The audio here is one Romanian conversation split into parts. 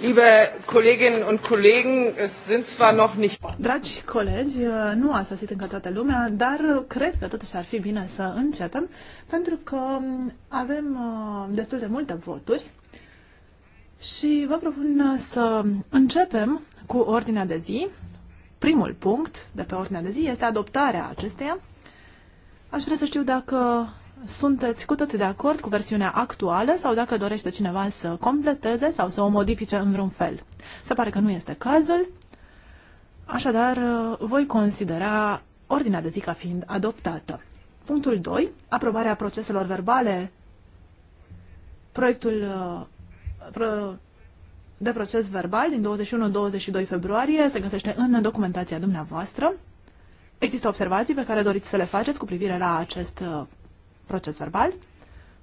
Liebe Kolleginnen und Kollegen, es sind zwar noch nicht... Dragi colegi, uh, nu a sosit încă toată lumea, dar cred că totuși ar fi bine să începem, pentru că um, avem uh, destul de multe voturi și vă propun uh, să începem cu ordinea de zi. Primul punct de pe ordinea de zi este adoptarea acesteia. Aș vrea să știu dacă sunteți cu toții de acord cu versiunea actuală sau dacă dorește cineva să completeze sau să o modifice în vreun fel. Se pare că nu este cazul, așadar voi considera ordinea de zi ca fiind adoptată. Punctul 2. Aprobarea proceselor verbale. Proiectul uh, de proces verbal din 21-22 februarie se găsește în documentația dumneavoastră. Există observații pe care doriți să le faceți cu privire la acest uh, proces verbal?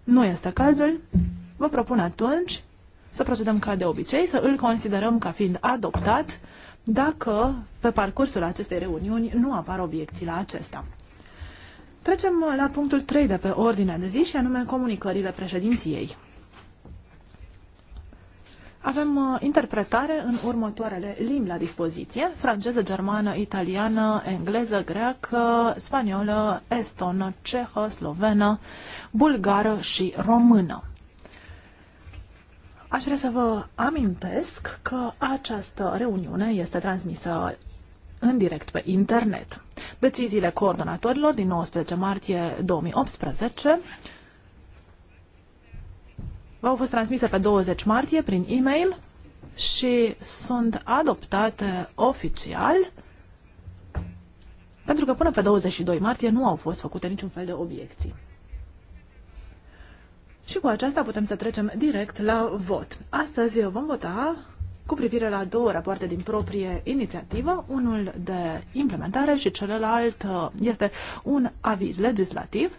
Nu este cazul. Vă propun atunci să procedăm ca de obicei, să îl considerăm ca fiind adoptat dacă pe parcursul acestei reuniuni nu apar obiecții la acesta. Trecem la punctul 3 de pe ordinea de zi și anume comunicările președinției. Avem uh, interpretare în următoarele limbi la dispoziție. Franceză, germană, italiană, engleză, greacă, spaniolă, estonă, cehă, slovenă, bulgară și română. Aș vrea să vă amintesc că această reuniune este transmisă în direct pe internet. Deciziile coordonatorilor din 19 martie 2018 au fost transmise pe 20 martie prin e-mail și sunt adoptate oficial pentru că până pe 22 martie nu au fost făcute niciun fel de obiecții. Și cu aceasta putem să trecem direct la vot. Astăzi vom vota cu privire la două rapoarte din proprie inițiativă, unul de implementare și celălalt uh, este un aviz legislativ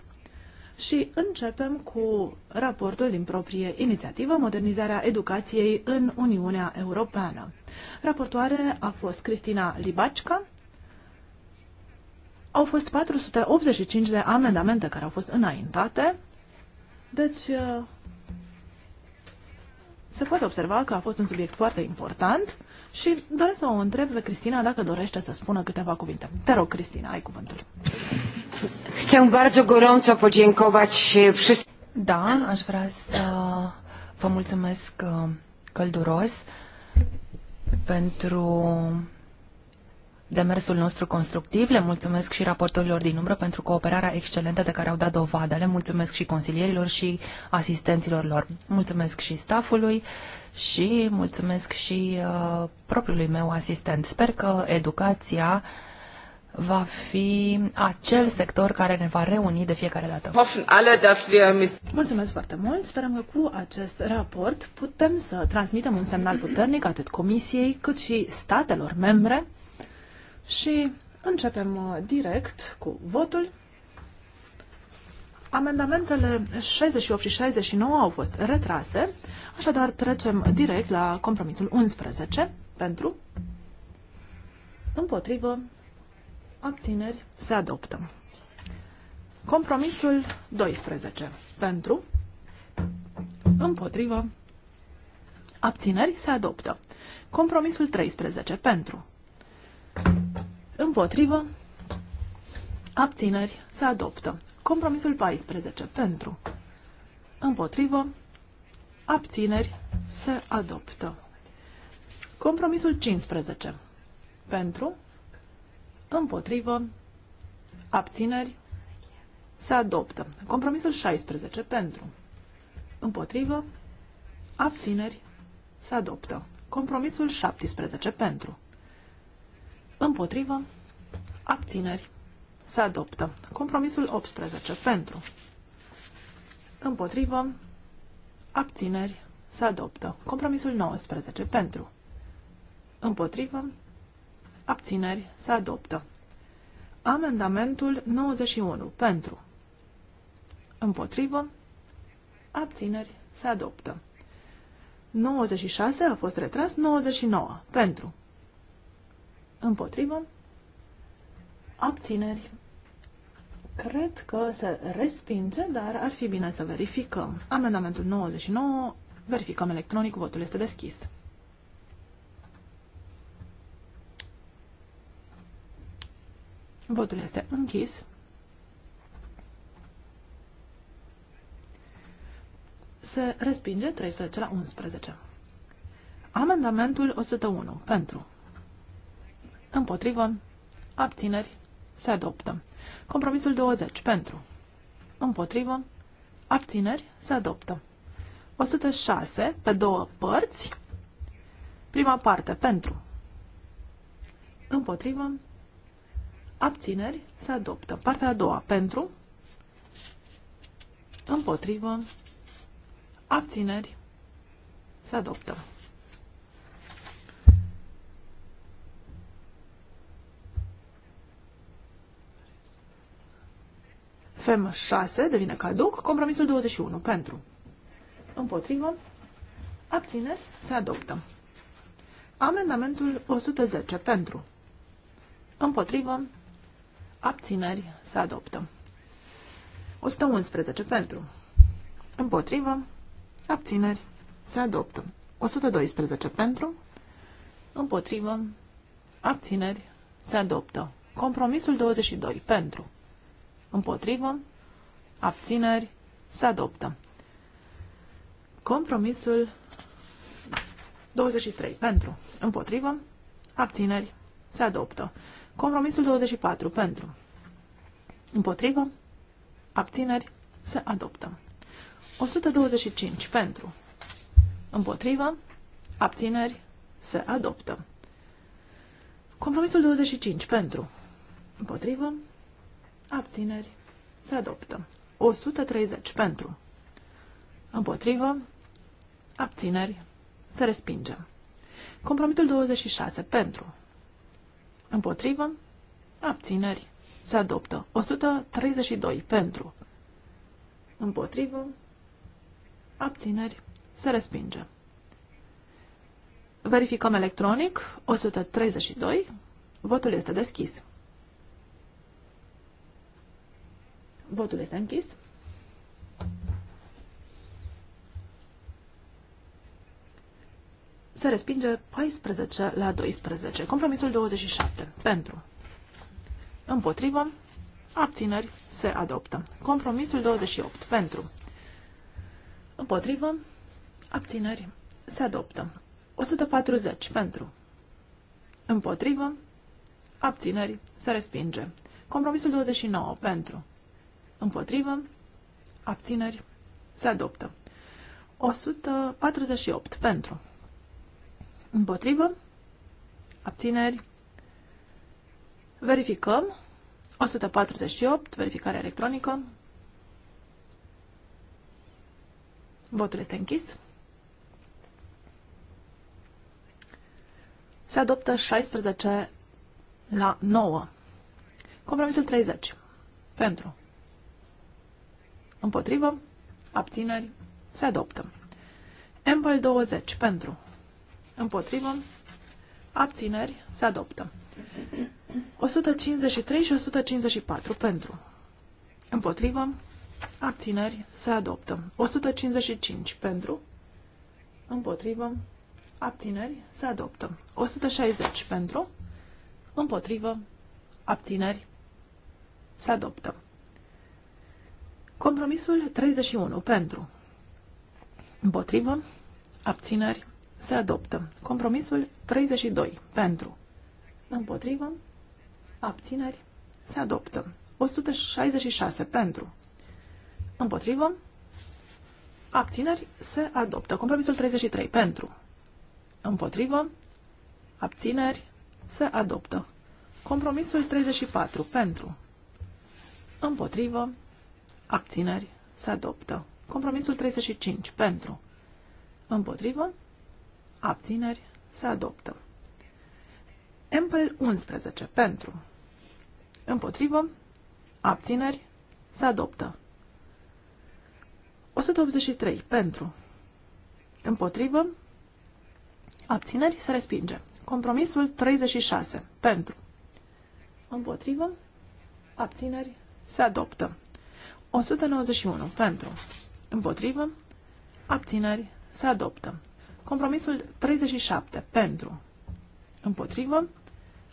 și începem cu raportul din proprie inițiativă Modernizarea educației în Uniunea Europeană. Raportoare a fost Cristina Libacica. Au fost 485 de amendamente care au fost înaintate. Deci, uh, se poate observa că a fost un subiect foarte important și doresc să o întreb pe Cristina dacă dorește să spună câteva cuvinte. Te rog, Cristina, ai cuvântul. Chcę bardzo gorąco podziękować wszystkim. Da, aș vrea să vă mulțumesc călduros pentru demersul nostru constructiv. Le mulțumesc și raportorilor din umbră pentru cooperarea excelentă de care au dat dovadă. Le mulțumesc și consilierilor și asistenților lor. Mulțumesc și staffului și mulțumesc și uh, propriului meu asistent. Sper că educația va fi acel sector care ne va reuni de fiecare dată. Mulțumesc foarte mult! Sperăm că cu acest raport putem să transmitem un semnal puternic atât Comisiei cât și statelor membre și începem uh, direct cu votul. Amendamentele 68 și 69 au fost retrase, așadar trecem direct la compromisul 11 pentru împotrivă abțineri se adoptă. Compromisul 12 pentru împotrivă abțineri se adoptă. Compromisul 13 pentru Împotrivă. Abțineri. Se adoptă. Compromisul 14. Pentru. Împotrivă. Abțineri. Se adoptă. Compromisul 15. Pentru. Împotrivă. Abțineri. Se adoptă. Compromisul 16. Pentru. Împotrivă. Abțineri. Se adoptă. Compromisul 17. Pentru. Împotrivă. Abțineri. Se adoptă. Compromisul 18. Pentru. Împotrivă. Abțineri. Se adoptă. Compromisul 19. Pentru. Împotrivă. Abțineri. Se adoptă. Amendamentul 91. Pentru. Împotrivă. Abțineri. Se adoptă. 96 a fost retras. 99. Pentru. Împotrivă. Abțineri. Cred că se respinge, dar ar fi bine să verificăm. Amendamentul 99, verificăm electronic, votul este deschis. Votul este închis. Se respinge 13 la 11. Amendamentul 101. Pentru. Împotrivă. Abțineri. Se adoptă. Compromisul 20. Pentru. Împotrivă. Abțineri. Se adoptă. 106 pe două părți. Prima parte. Pentru. Împotrivă. Abțineri. Se adoptă. Partea a doua. Pentru. Împotrivă. Abțineri. Se adoptă. FEM 6 devine caduc. Compromisul 21 pentru. Împotrivă. Abțineri. Se adoptă. Amendamentul 110 pentru. Împotrivă. Abțineri. Se adoptă. 111 pentru. Împotrivă. Abțineri. Se adoptă. 112 pentru. Împotrivă. Abțineri. Se adoptă. Compromisul 22 pentru. Împotrivă. Abțineri. Se adoptă. Compromisul 23. Pentru. Împotrivă. Abțineri. Se adoptă. Compromisul 24. Pentru. Împotrivă. Abțineri. Se adoptă. 125. Pentru. Împotrivă. Abțineri. Se adoptă. Compromisul 25. Pentru. Împotrivă abțineri, se adoptă. 130 pentru, împotrivă, abțineri, se respinge. Compromitul 26 pentru, împotrivă, abțineri, se adoptă. 132 pentru, împotrivă, abțineri, se respinge. Verificăm electronic, 132, votul este deschis. Votul este închis. Se respinge 14 la 12. Compromisul 27. Pentru. Împotrivă. Abțineri. Se adoptă. Compromisul 28. Pentru. Împotrivă. Abțineri. Se adoptă. 140. Pentru. Împotrivă. Abțineri. Se respinge. Compromisul 29. Pentru. Împotrivă. Abțineri. Se adoptă. 148 pentru. Împotrivă. Abțineri. Verificăm. 148. Verificare electronică. Votul este închis. Se adoptă 16 la 9. Compromisul 30. Pentru. Împotrivă. Abțineri. Se adoptă. Embel 20. Pentru. Împotrivă. Abțineri. Se adoptă. 153 și 154. Pentru. Împotrivă. Abțineri. Se adoptă. 155. Pentru. Împotrivă. Abțineri. Se adoptă. 160. Pentru. Împotrivă. Abțineri. Se adoptă. Compromisul 31 pentru. Împotrivă. Abțineri. Se adoptă. Compromisul 32 pentru. Împotrivă. Abțineri. Se adoptă. 166 pentru. Împotrivă. Abțineri. Se adoptă. Compromisul 33 pentru. Împotrivă. Abțineri. Se adoptă. Compromisul 34 pentru. Împotrivă. Abțineri. Se adoptă. Compromisul 35. Pentru. Împotrivă. Abțineri. Se adoptă. Empel 11. Pentru. Împotrivă. Abțineri. Se adoptă. 183. Pentru. Împotrivă. Abțineri. Se respinge. Compromisul 36. Pentru. Împotrivă. Abțineri. Se adoptă. 191 pentru, împotrivă, abțineri, se adoptă. Compromisul 37 pentru, împotrivă,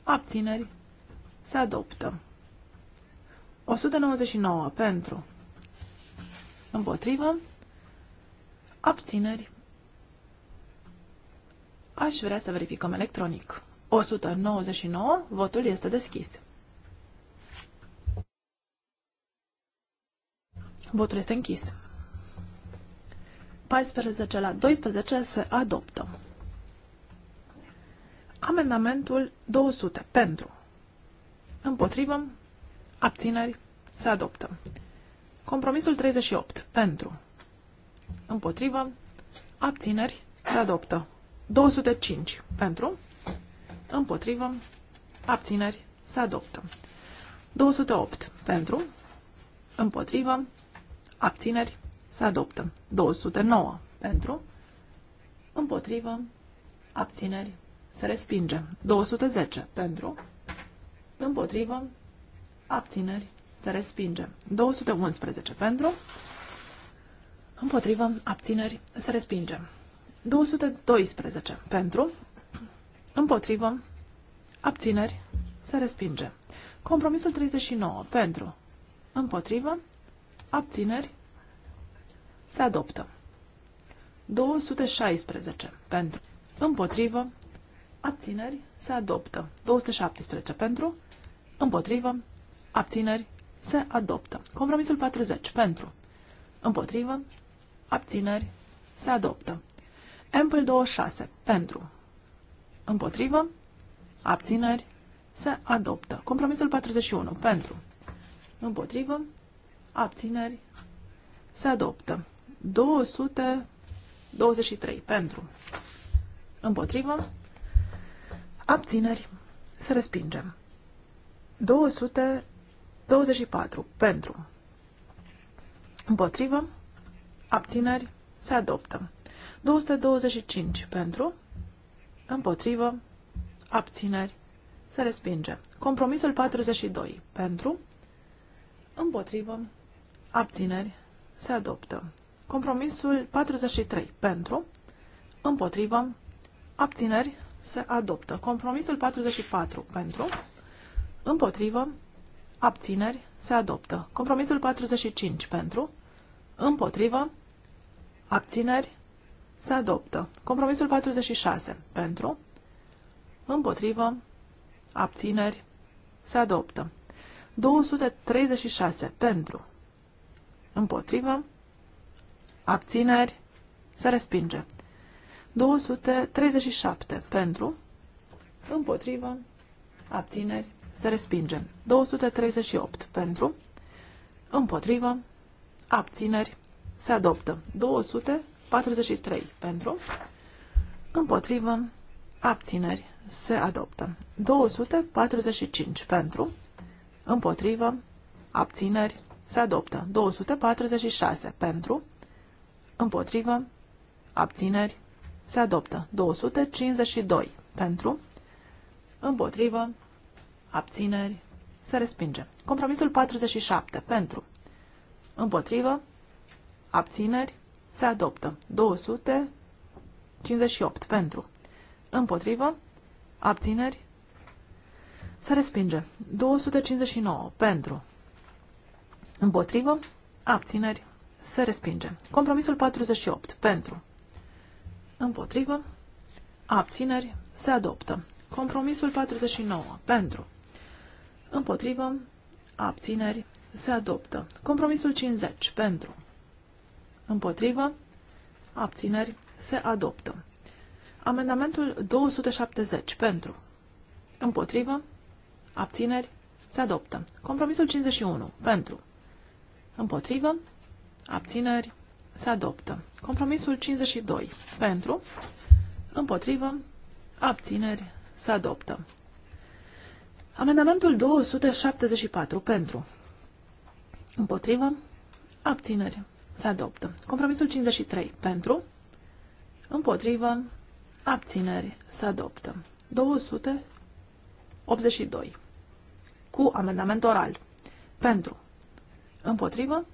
abțineri, se adoptă. 199 pentru, împotrivă, abțineri. Aș vrea să verificăm electronic. 199, votul este deschis. Votul este închis. 14 la 12 se adoptă. Amendamentul 200. Pentru. Împotrivă. Abțineri. Se adoptă. Compromisul 38. Pentru. Împotrivă. Abțineri. Se adoptă. 205. Pentru. Împotrivă. Abțineri. Se adoptă. 208. Pentru. Împotrivă. Abțineri. Se adoptă. 209 pentru. Împotrivă. Abțineri. Se respinge. 210 pentru. Împotrivă. Abțineri. Se respinge. 211 pentru. Împotrivă. Abțineri. Se respinge. 212 pentru. Împotrivă. Abțineri. Se respinge. Compromisul 39 pentru. Împotrivă. Abțineri. Se adoptă. 216 pentru. Împotrivă. Abțineri. Se adoptă. 217 pentru. Împotrivă. Abțineri. Se adoptă. Compromisul 40 pentru. Împotrivă. Abțineri. Se adoptă. Ample 26 pentru. Împotrivă. Abțineri. Se adoptă. Compromisul 41 pentru. Împotrivă abțineri, se adoptă. 223 pentru, împotrivă, abțineri, se respinge. 224 pentru, împotrivă, abțineri, se adoptă. 225 pentru, împotrivă, abțineri, se respinge. Compromisul 42 pentru, împotrivă, Abțineri. Se adoptă. Compromisul 43. Pentru. Împotrivă. Abțineri. Se adoptă. Compromisul 44. Pentru. Împotrivă. Abțineri. Se adoptă. Compromisul 45. Pentru. Împotrivă. Abțineri. Se adoptă. Compromisul 46. Pentru. Împotrivă. Abțineri. Se adoptă. 236. Pentru. Împotrivă. Abțineri. Se respinge. 237 pentru. Împotrivă. Abțineri. Se respinge. 238 pentru. Împotrivă. Abțineri. Se adoptă. 243 pentru. Împotrivă. Abțineri. Se adoptă. 245 pentru. Împotrivă. Abțineri. Se adoptă. 246 pentru, împotrivă, abțineri, se adoptă. 252 pentru, împotrivă, abțineri, se respinge. Compromisul 47 pentru, împotrivă, abțineri, se adoptă. 258 pentru, împotrivă, abțineri, se respinge. 259 pentru, Împotrivă. Abțineri. Se respinge. Compromisul 48. Pentru. Împotrivă. Abțineri. Se adoptă. Compromisul 49. Pentru. Împotrivă. Abțineri. Se adoptă. Compromisul 50. Pentru. Împotrivă. Abțineri. Se adoptă. Amendamentul 270. Pentru. Împotrivă. Abțineri. Se adoptă. Compromisul 51. Pentru. Împotrivă. Abțineri. Se adoptă. Compromisul 52. Pentru. Împotrivă. Abțineri. Se adoptă. Amendamentul 274. Pentru. Împotrivă. Abțineri. Se adoptă. Compromisul 53. Pentru. Împotrivă. Abțineri. Se adoptă. 282. Cu amendament oral. Pentru. Împotrivă.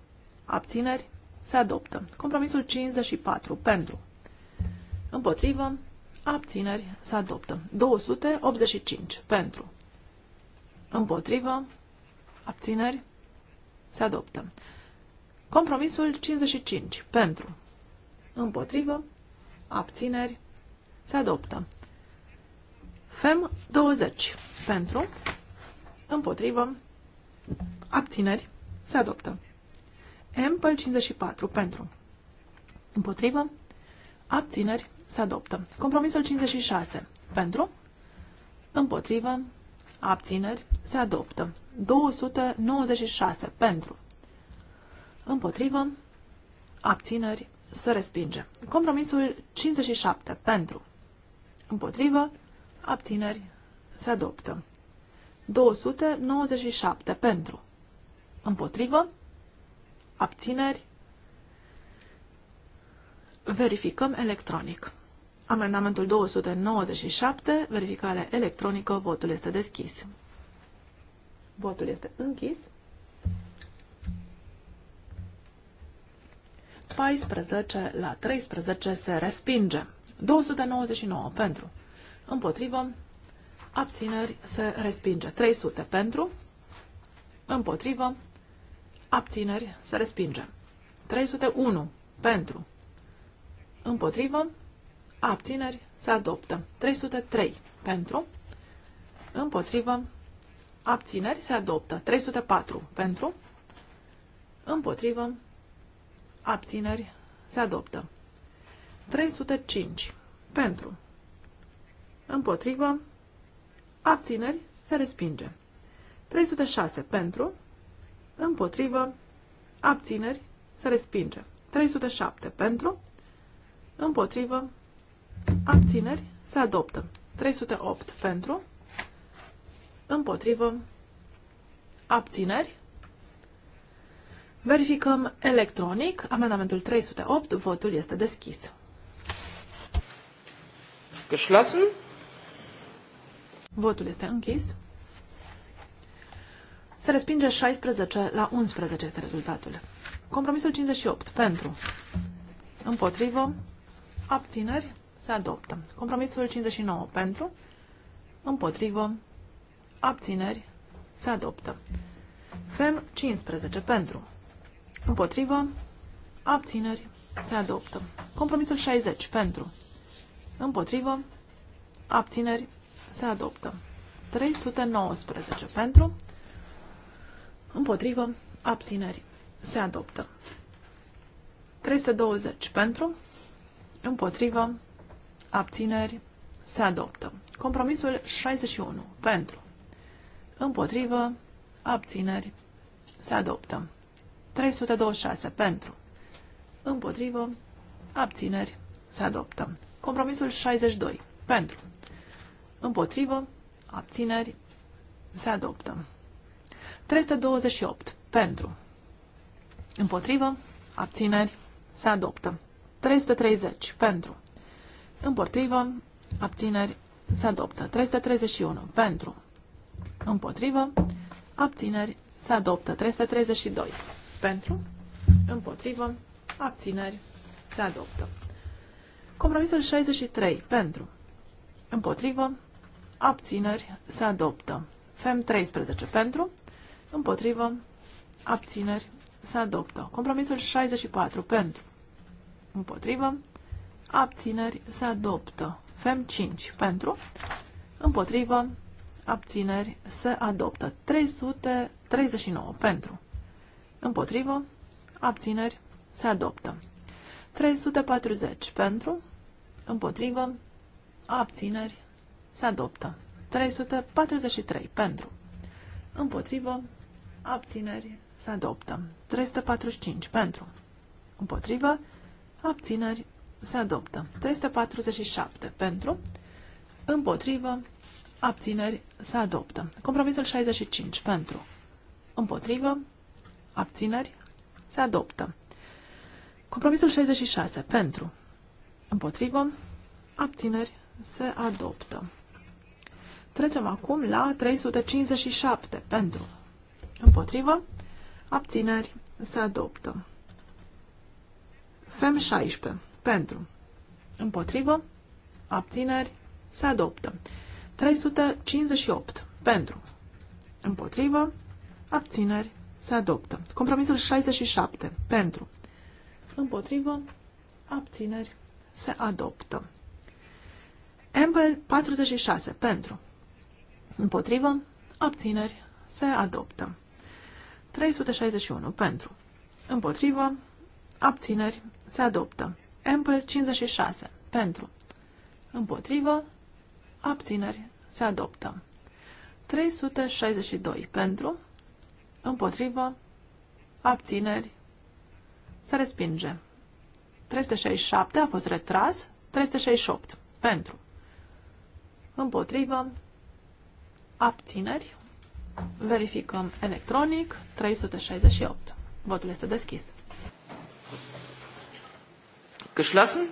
Abțineri. Se adoptă. Compromisul 54. Pentru. Împotrivă. Abțineri. Se adoptă. 285. Pentru. Împotrivă. Abțineri. Se adoptă. Compromisul 55. Pentru. Împotrivă. Abțineri. Se adoptă. FEM 20. Pentru. Împotrivă. Abțineri. Se adoptă. pe 54 pentru. Împotrivă. Abțineri. Se adoptă. Compromisul 56 pentru. Împotrivă. Abțineri. Se adoptă. 296 pentru. Împotrivă. Abțineri. Se respinge. Compromisul 57 pentru. Împotrivă. Abțineri. Se adoptă. 297 pentru. Împotrivă? Abțineri? Verificăm electronic. Amendamentul 297, verificare electronică, votul este deschis. Votul este închis. 14 la 13 se respinge. 299 pentru. Împotrivă. Abțineri se respinge. 300 pentru. Împotrivă. Abțineri. Se respinge. 301. Pentru. Împotrivă. Abțineri. Se adoptă. 303. Pentru. Împotrivă. Abțineri. Se adoptă. 304. Pentru. Împotrivă. Abțineri. Se adoptă. 305. Pentru. Împotrivă. Abțineri. Se respinge. 306. Pentru împotrivă, abțineri, se respinge. 307 pentru, împotrivă, abțineri, se adoptă. 308 pentru, împotrivă, abțineri. Verificăm electronic. Amendamentul 308, votul este deschis. Geschlossen. Votul este închis. Se respinge 16 la 11 este rezultatul. Compromisul 58 pentru împotrivă abțineri se adoptă. Compromisul 59 pentru împotrivă abțineri se adoptă. FEM 15 pentru împotrivă abțineri se adoptă. Compromisul 60 pentru împotrivă abțineri se adoptă. 319 pentru, Împotrivă. Abțineri. Se adoptă. 320 pentru. Împotrivă. Abțineri. Se adoptă. Compromisul 61 pentru. Împotrivă. Abțineri. Se adoptă. 326 pentru. Împotrivă. Abțineri. Se adoptă. Compromisul 62. Pentru. Împotrivă. Abțineri. Se adoptă. 328. Pentru. Împotrivă. Abțineri. Se adoptă. 330. Pentru. Împotrivă. Abțineri. Se adoptă. 331. Pentru. Împotrivă. Abțineri. Se adoptă. 332. Pentru. Împotrivă. Abțineri. Se adoptă. Compromisul 63. Pentru. Împotrivă. Abțineri. Se adoptă. FEM 13. Pentru împotrivă, abțineri, se adoptă. Compromisul 64 pentru, împotrivă, abțineri, se adoptă. FEM 5 pentru, împotrivă, abțineri, se adoptă. 339 pentru, împotrivă, abțineri, se adoptă. 340 pentru, împotrivă, abțineri, se adoptă. 343 pentru, împotrivă, Abțineri. Se adoptă. 345 pentru. Împotrivă. Abțineri. Se adoptă. 347 pentru. Împotrivă. Abțineri. Se adoptă. Compromisul 65 pentru. Împotrivă. Abțineri. Se adoptă. Compromisul 66 pentru. Împotrivă. Abțineri. Se adoptă. Trecem acum la 357 pentru Împotrivă. Abțineri. Se adoptă. FEM 16. Pentru. Împotrivă. Abțineri. Se adoptă. 358. Pentru. Împotrivă. Abțineri. Se adoptă. Compromisul 67. Pentru. Împotrivă. Abțineri. Se adoptă. Ample 46. Pentru. Împotrivă. Abțineri. Se adoptă. 361 pentru. Împotrivă. Abțineri. Se adoptă. Ample 56 pentru. Împotrivă. Abțineri. Se adoptă. 362 pentru. Împotrivă. Abțineri. Se respinge. 367 a fost retras. 368 pentru. Împotrivă. Abțineri. Verificăm electronic 368. Votul este deschis. Geschlossen?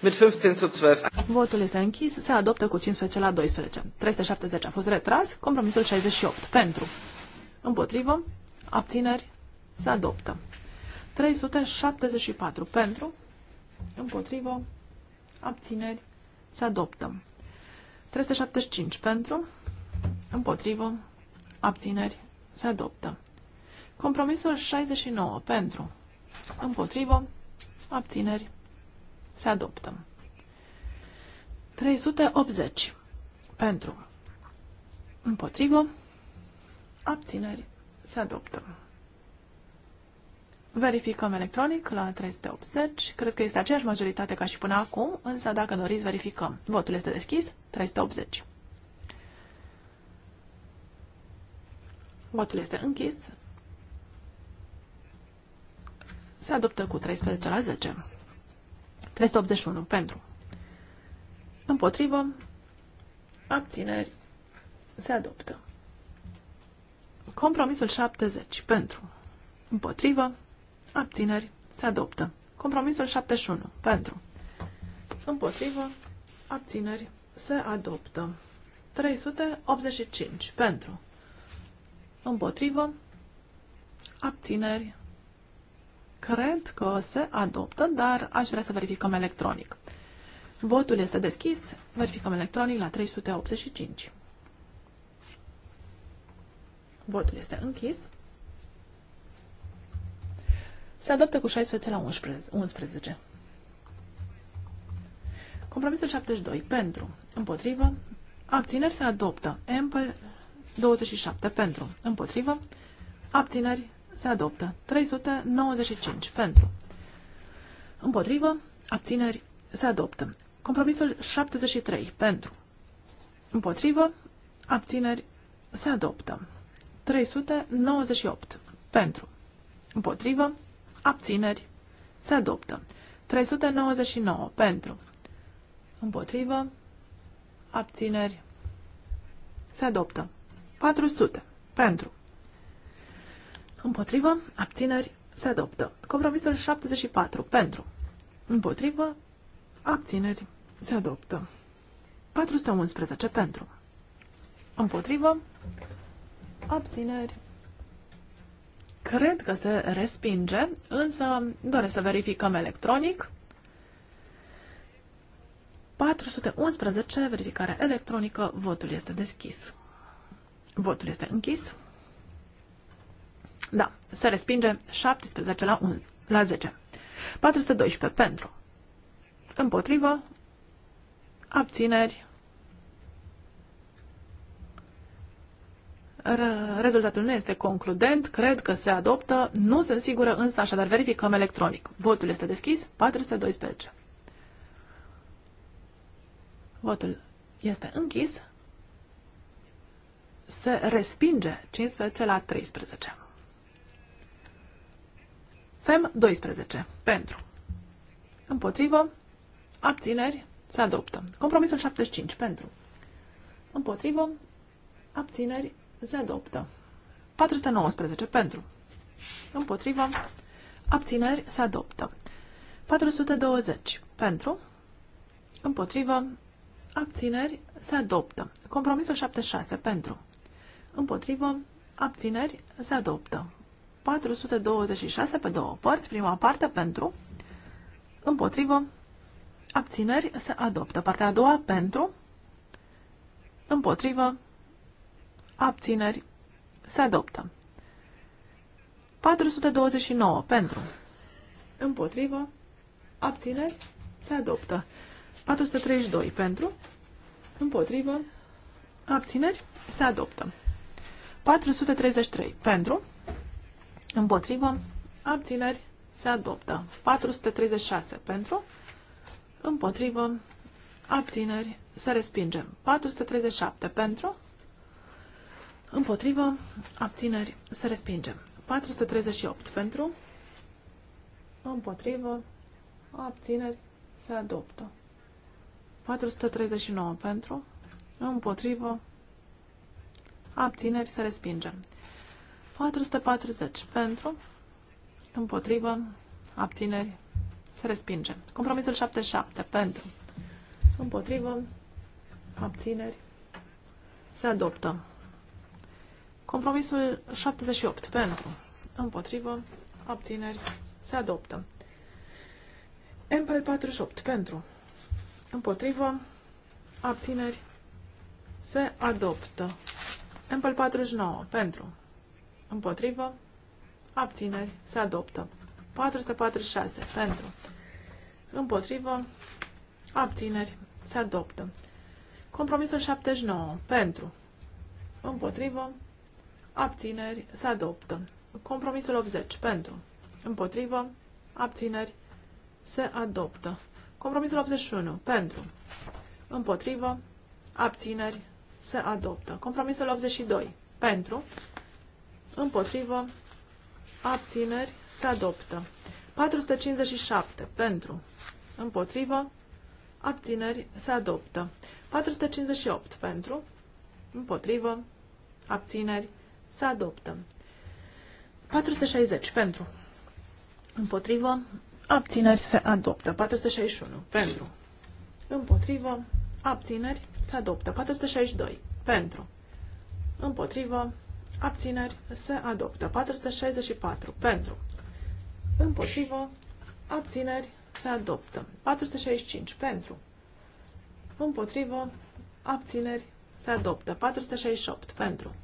Mit 15 zu 12. Votul este închis, se adoptă cu 15 la 12. 370 a fost retras, compromisul 68. Pentru. Împotrivă. Abțineri. Se adoptă. 374. Pentru. Împotrivă. Abțineri. Se adoptă. 375 pentru, împotrivă, abțineri, se adoptă. Compromisul 69 pentru, împotrivă, abțineri, se adoptă. 380 pentru, împotrivă, abțineri, se adoptă. Verificăm electronic la 380. Cred că este aceeași majoritate ca și până acum, însă dacă doriți, verificăm. Votul este deschis. 380. Votul este închis. Se adoptă cu 13 la 10. 381 pentru. Împotrivă. Abțineri. Se adoptă. Compromisul 70 pentru. Împotrivă. Abțineri. Se adoptă. Compromisul 71. Pentru. Împotrivă. Abțineri. Se adoptă. 385. Pentru. Împotrivă. Abțineri. Cred că se adoptă, dar aș vrea să verificăm electronic. Votul este deschis. Verificăm electronic la 385. Votul este închis. Se adoptă cu 16 la 11. Compromisul 72. Pentru. Împotrivă. Abțineri se adoptă. Ample 27. Pentru. Împotrivă. Abțineri se adoptă. 395. Pentru. Împotrivă. Abțineri se adoptă. Compromisul 73. Pentru. Împotrivă. Abțineri se adoptă. 398. Pentru. Împotrivă. Abțineri. Se adoptă. 399 pentru. Împotrivă. Abțineri. Se adoptă. 400 pentru. Împotrivă. Abțineri. Se adoptă. Compromisul 74 pentru. Împotrivă. Abțineri. Se adoptă. 411 pentru. Împotrivă. Abțineri. Cred că se respinge, însă doresc să verificăm electronic. 411, verificare electronică, votul este deschis. Votul este închis. Da, se respinge 17 la, 1, la 10. 412 pentru. Împotrivă. Abțineri. Rezultatul nu este concludent, cred că se adoptă, nu sunt sigură însă, așadar verificăm electronic. Votul este deschis, 412. Votul este închis. Se respinge 15 la 13. FEM 12. Pentru. Împotrivă. Abțineri. Se adoptă. Compromisul 75. Pentru. Împotrivă. Abțineri se adoptă. 419 pentru. Împotrivă. Abțineri se adoptă. 420 pentru. Împotrivă. Abțineri se adoptă. Compromisul 76 pentru. Împotrivă. Abțineri se adoptă. 426 pe două părți. Prima parte pentru. Împotrivă. Abțineri se adoptă. Partea a doua pentru. Împotrivă abțineri, se adoptă. 429 pentru, împotrivă, abțineri, se adoptă. 432 pentru, împotrivă, abțineri, se adoptă. 433 pentru, împotrivă, abțineri, se adoptă. 436 pentru, împotrivă, abțineri, se respinge. 437 pentru, Împotrivă, abțineri, se respinge. 438 pentru, împotrivă, abțineri, se adoptă. 439 pentru, împotrivă, abțineri, se respinge. 440 pentru, împotrivă, abțineri, se respinge. Compromisul 77 pentru, împotrivă, abțineri, se adoptă. Compromisul 78 pentru, împotrivă, abțineri, se adoptă. MPL 48 pentru, împotrivă, abțineri, se adoptă. MPL 49 pentru, împotrivă, abțineri, se adoptă. 446 pentru, împotrivă, abțineri, se adoptă. Compromisul 79 pentru, împotrivă, abțineri, se adoptă. Compromisul 80 pentru, împotrivă, abțineri, se adoptă. Compromisul 81 pentru, împotrivă, abțineri, se adoptă. Compromisul 82 pentru, împotrivă, abțineri, se adoptă. 457 pentru, împotrivă, abțineri, se adoptă. 458 pentru, împotrivă, abțineri, se să adoptăm. 460 pentru. Împotrivă. Abțineri se adoptă. 461 pentru. Împotrivă. Abțineri se adoptă. 462 pentru. Împotrivă. Abțineri se adoptă. 464 pentru. Împotrivă. Abțineri se adoptă. 465 pentru. Împotrivă. Abțineri se adoptă. 468 pentru.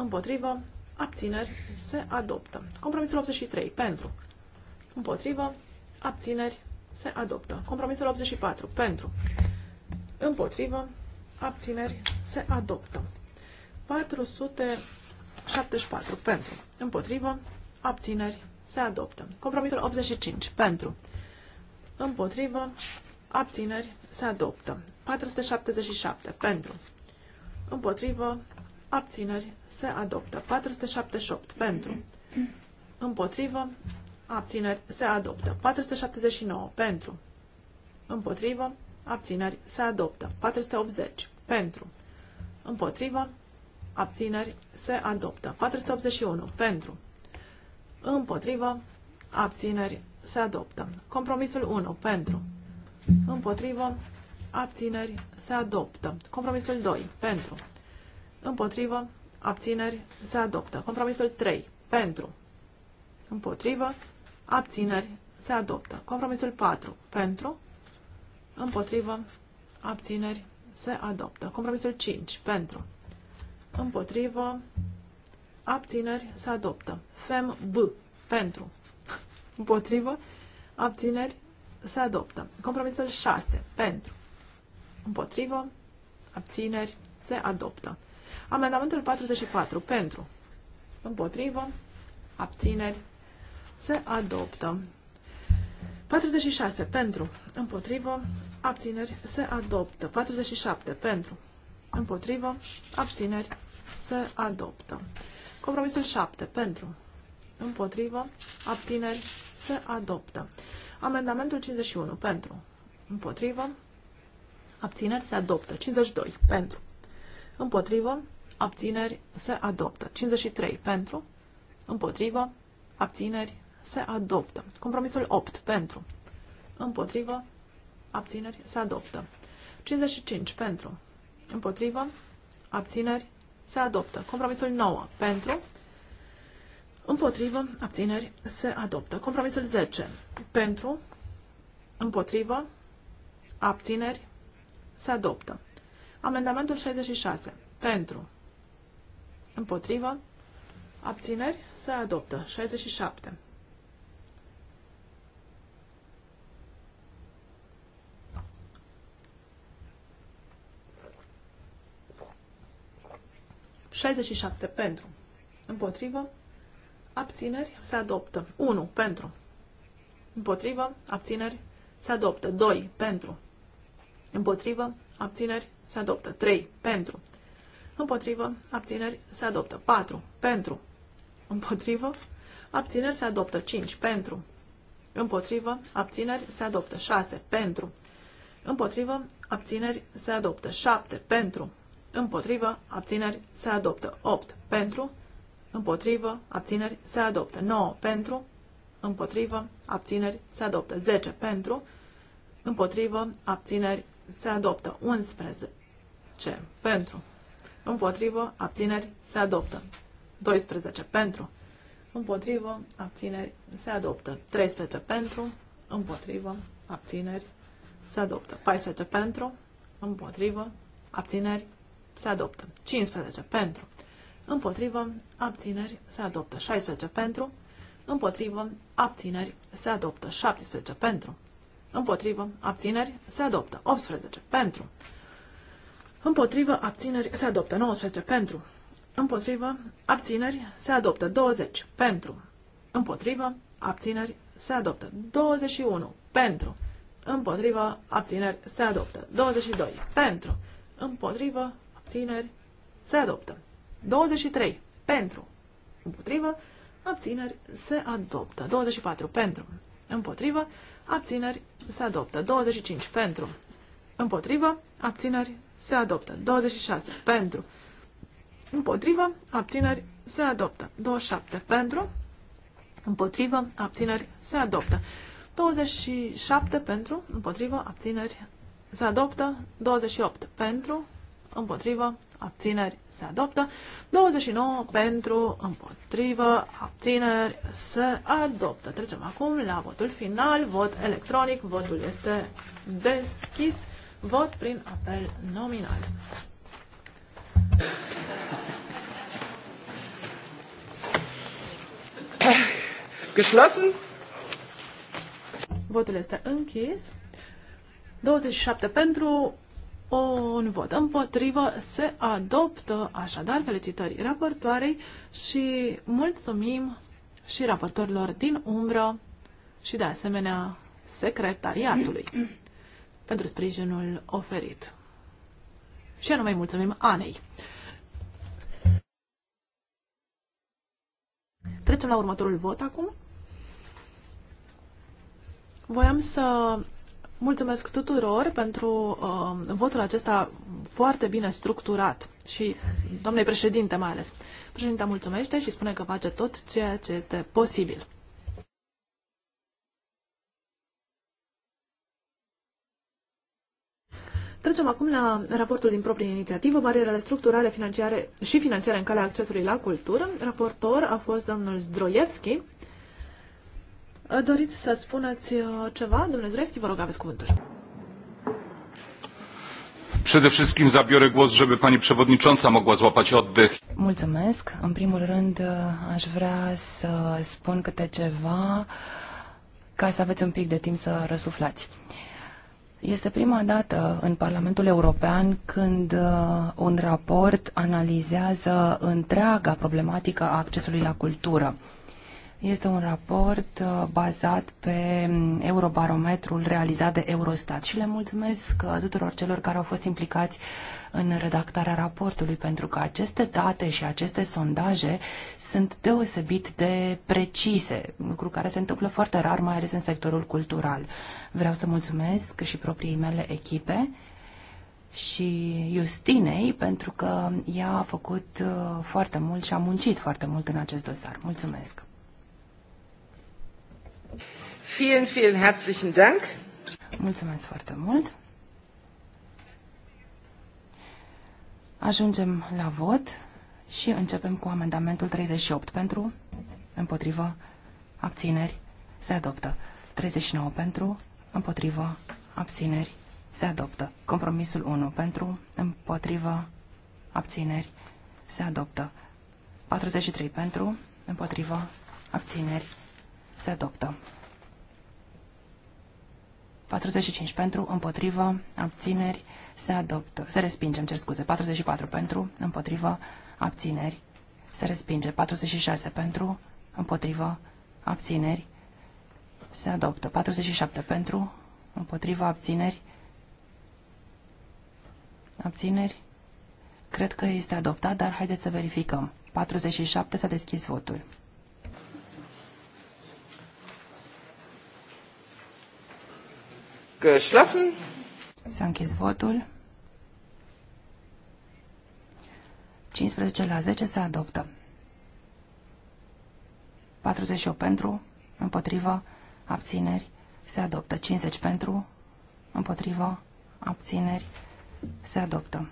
Împotrivă. Abțineri. Se adoptă. Compromisul 83. Pentru. Împotrivă. Abțineri. Se adoptă. Compromisul 84. Pentru. Împotrivă. Abțineri. Se adoptă. 474. Pentru. Împotrivă. Abțineri. Se adoptă. Compromisul 85. Pentru. Împotrivă. Abțineri. Se adoptă. 477. Pentru. Împotrivă. Abțineri. Se adoptă. 478. Pentru. Împotrivă. Abțineri. Se adoptă. 479. Pentru. Împotrivă. Abțineri. Se adoptă. 480. Pentru. Împotrivă. Abțineri. Se adoptă. 481. Pentru. Împotrivă. Abțineri. Se adoptă. Compromisul 1. Pentru. Împotrivă. Abțineri. Se adoptă. Compromisul 2. Pentru împotrivă, abțineri, se adoptă. Compromisul 3, pentru, împotrivă, abțineri, se adoptă. Compromisul 4, pentru, împotrivă, abțineri, se adoptă. Compromisul 5, pentru, împotrivă, abțineri, se adoptă. Fem B, pentru, împotrivă, abțineri, se adoptă. Compromisul 6, pentru, împotrivă, abțineri, se adoptă. Amendamentul 44. Pentru. Împotrivă. Abțineri. Se adoptă. 46. Pentru. Împotrivă. Abțineri. Se adoptă. 47. Pentru. Împotrivă. Abțineri. Se adoptă. Compromisul 7. Pentru. Împotrivă. Abțineri. Se adoptă. Amendamentul 51. Pentru. Împotrivă. Abțineri. Se adoptă. 52. Pentru. Împotrivă abțineri, se adoptă. 53 pentru, împotrivă, abțineri, se adoptă. Compromisul 8 pentru, împotrivă, abțineri, se adoptă. 55 pentru, împotrivă, abțineri, se adoptă. Compromisul 9 pentru, împotrivă, abțineri, se adoptă. Compromisul 10 pentru, împotrivă, abțineri, se adoptă. Amendamentul 66 pentru, Împotrivă. Abțineri. Se adoptă. 67. Șaizeci șapte pentru. Împotrivă. Abțineri. Se adoptă. 1. Pentru. Împotrivă. Abțineri. Se adoptă. 2. Pentru. Împotrivă. Abțineri. Se adoptă. 3. Pentru. Împotrivă. Abțineri. Se adoptă. 4. Pentru. Împotrivă. Abțineri. Se adoptă. 5. Pentru. Împotrivă. Abțineri. Se adoptă. 6. Pentru. Împotrivă. Abțineri. Se adoptă. 7. Pentru. Împotrivă. Abțineri. Se adoptă. 8. Pentru. Împotrivă. Abțineri. Se adoptă. 9. Pentru. Împotrivă. Abțineri. Se adoptă. 10. Pentru. Împotrivă. Abțineri. Se adoptă. 11. Pentru împotrivă, abțineri, se adoptă. 12 pentru, împotrivă, abțineri, se adoptă. 13 pentru, împotrivă, abțineri, se adoptă. 14 pentru, împotrivă, abțineri, se adoptă. 15 pentru, împotrivă, abțineri, se adoptă. 16 pentru, împotrivă, abțineri, se adoptă. 17 pentru, împotrivă, abțineri, se adoptă. 18 pentru, Împotrivă, abțineri, se adoptă. 19 pentru. Împotrivă, abțineri, se adoptă. 20 pentru. Împotrivă, abțineri, se adoptă. 21 pentru. Împotrivă, abțineri, se adoptă. 22 pentru. Împotrivă, abțineri, se adoptă. 23 pentru. Împotrivă, abțineri, se adoptă. 24 pentru. Împotrivă, abțineri, se adoptă. 25 pentru. Împotrivă, abțineri, se adoptă. 26 pentru, împotrivă, abțineri, se adoptă. 27 pentru, împotrivă, abțineri, se adoptă. 27 pentru, împotrivă, abțineri, se adoptă. 28 pentru, împotrivă, abțineri, se adoptă. 29 pentru, împotrivă, abțineri, se adoptă. Trecem acum la votul final, vot electronic, votul este deschis. Vot prin apel nominal. Geschlossen. Votul este închis. 27 pentru, un vot împotrivă, se adoptă așadar felicitări raportoarei și mulțumim și raportorilor din umbră și de asemenea secretariatului pentru sprijinul oferit. Și anume mulțumim Anei. Trecem la următorul vot acum. Voiam să mulțumesc tuturor pentru uh, votul acesta foarte bine structurat și doamnei președinte mai ales. Președinta mulțumește și spune că face tot ceea ce este posibil. Trecem acum la raportul din proprie inițiativă, barierele structurale financiare și financiare în calea accesului la cultură. Raportor a fost domnul Zdroievski. Ă, doriți să spuneți ă, ceva? Domnule Zdroievski, vă rog, aveți cuvântul. Przede wszystkim zabiorę głos, żeby pani przewodnicząca mogła złapać oddech. Mulțumesc. În primul rând ă, aș vrea să spun câte ceva ca să aveți un pic de timp să răsuflați. Uh, este prima dată în Parlamentul European când uh, un raport analizează întreaga problematică a accesului la cultură. Este un raport uh, bazat pe mm, eurobarometrul realizat de Eurostat și le mulțumesc uh, tuturor celor care au fost implicați în redactarea raportului, pentru că aceste date și aceste sondaje sunt deosebit de precise, lucru care se întâmplă foarte rar, mai ales în sectorul cultural. Vreau să mulțumesc și propriei mele echipe și Justinei, pentru că ea a făcut uh, foarte mult și a muncit foarte mult în acest dosar. Mulțumesc! Vielen, vielen herzlichen Dank. Mulțumesc foarte mult. Ajungem la vot și începem cu amendamentul 38 pentru, împotrivă, abțineri, se adoptă. 39 pentru, împotrivă, abțineri, se adoptă. Compromisul 1 pentru, împotrivă, abțineri, se adoptă. 43 pentru, împotrivă, abțineri, se adoptă. 45 pentru, împotrivă, abțineri, se adoptă. Se respingem, cer scuze. 44 pentru, împotrivă, abțineri, se respinge. 46 pentru, împotrivă, abțineri, se adoptă. 47 pentru, împotrivă, abțineri, abțineri. Cred că este adoptat, dar haideți să verificăm. 47 s-a deschis votul. geschlossen. S-a închis votul. 15 la 10 se adoptă. 48 pentru, împotrivă, abțineri, se adoptă. 50 pentru, împotrivă, abțineri, se adoptă.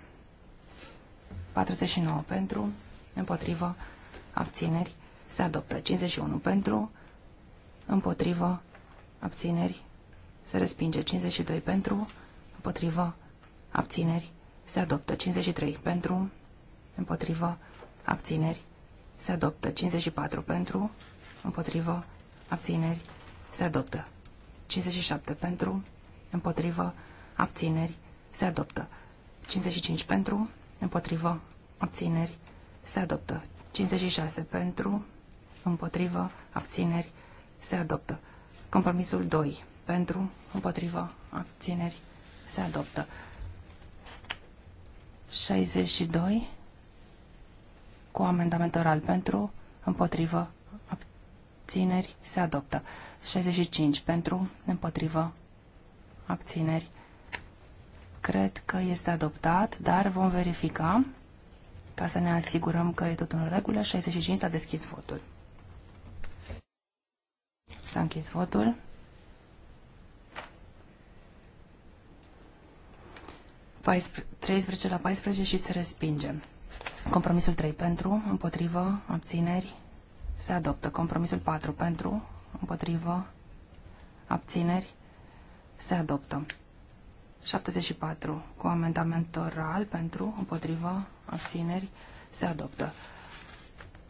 49 pentru, împotrivă, abțineri, se adoptă. 51 pentru, împotrivă, abțineri, se respinge. 52 pentru, împotrivă, abțineri, se adoptă. 53 pentru, împotrivă, abțineri, se adoptă. 54 pentru, împotrivă, abțineri, se adoptă. 57 pentru, împotrivă, abțineri, se adoptă. 55 pentru, împotrivă, abțineri, se adoptă. 56 pentru, împotrivă, abțineri, se adoptă. Compromisul 2 pentru, împotriva, abțineri, se adoptă. 62 cu amendament oral pentru, împotrivă, abțineri, se adoptă. 65 pentru, împotrivă, abțineri. Cred că este adoptat, dar vom verifica ca să ne asigurăm că e tot în regulă. 65 s-a deschis votul. S-a închis votul. 13 la 14 și se respinge. Compromisul 3 pentru, împotrivă, abțineri, se adoptă. Compromisul 4 pentru, împotrivă, abțineri, se adoptă. 74 cu amendament oral pentru, împotrivă, abțineri, se adoptă.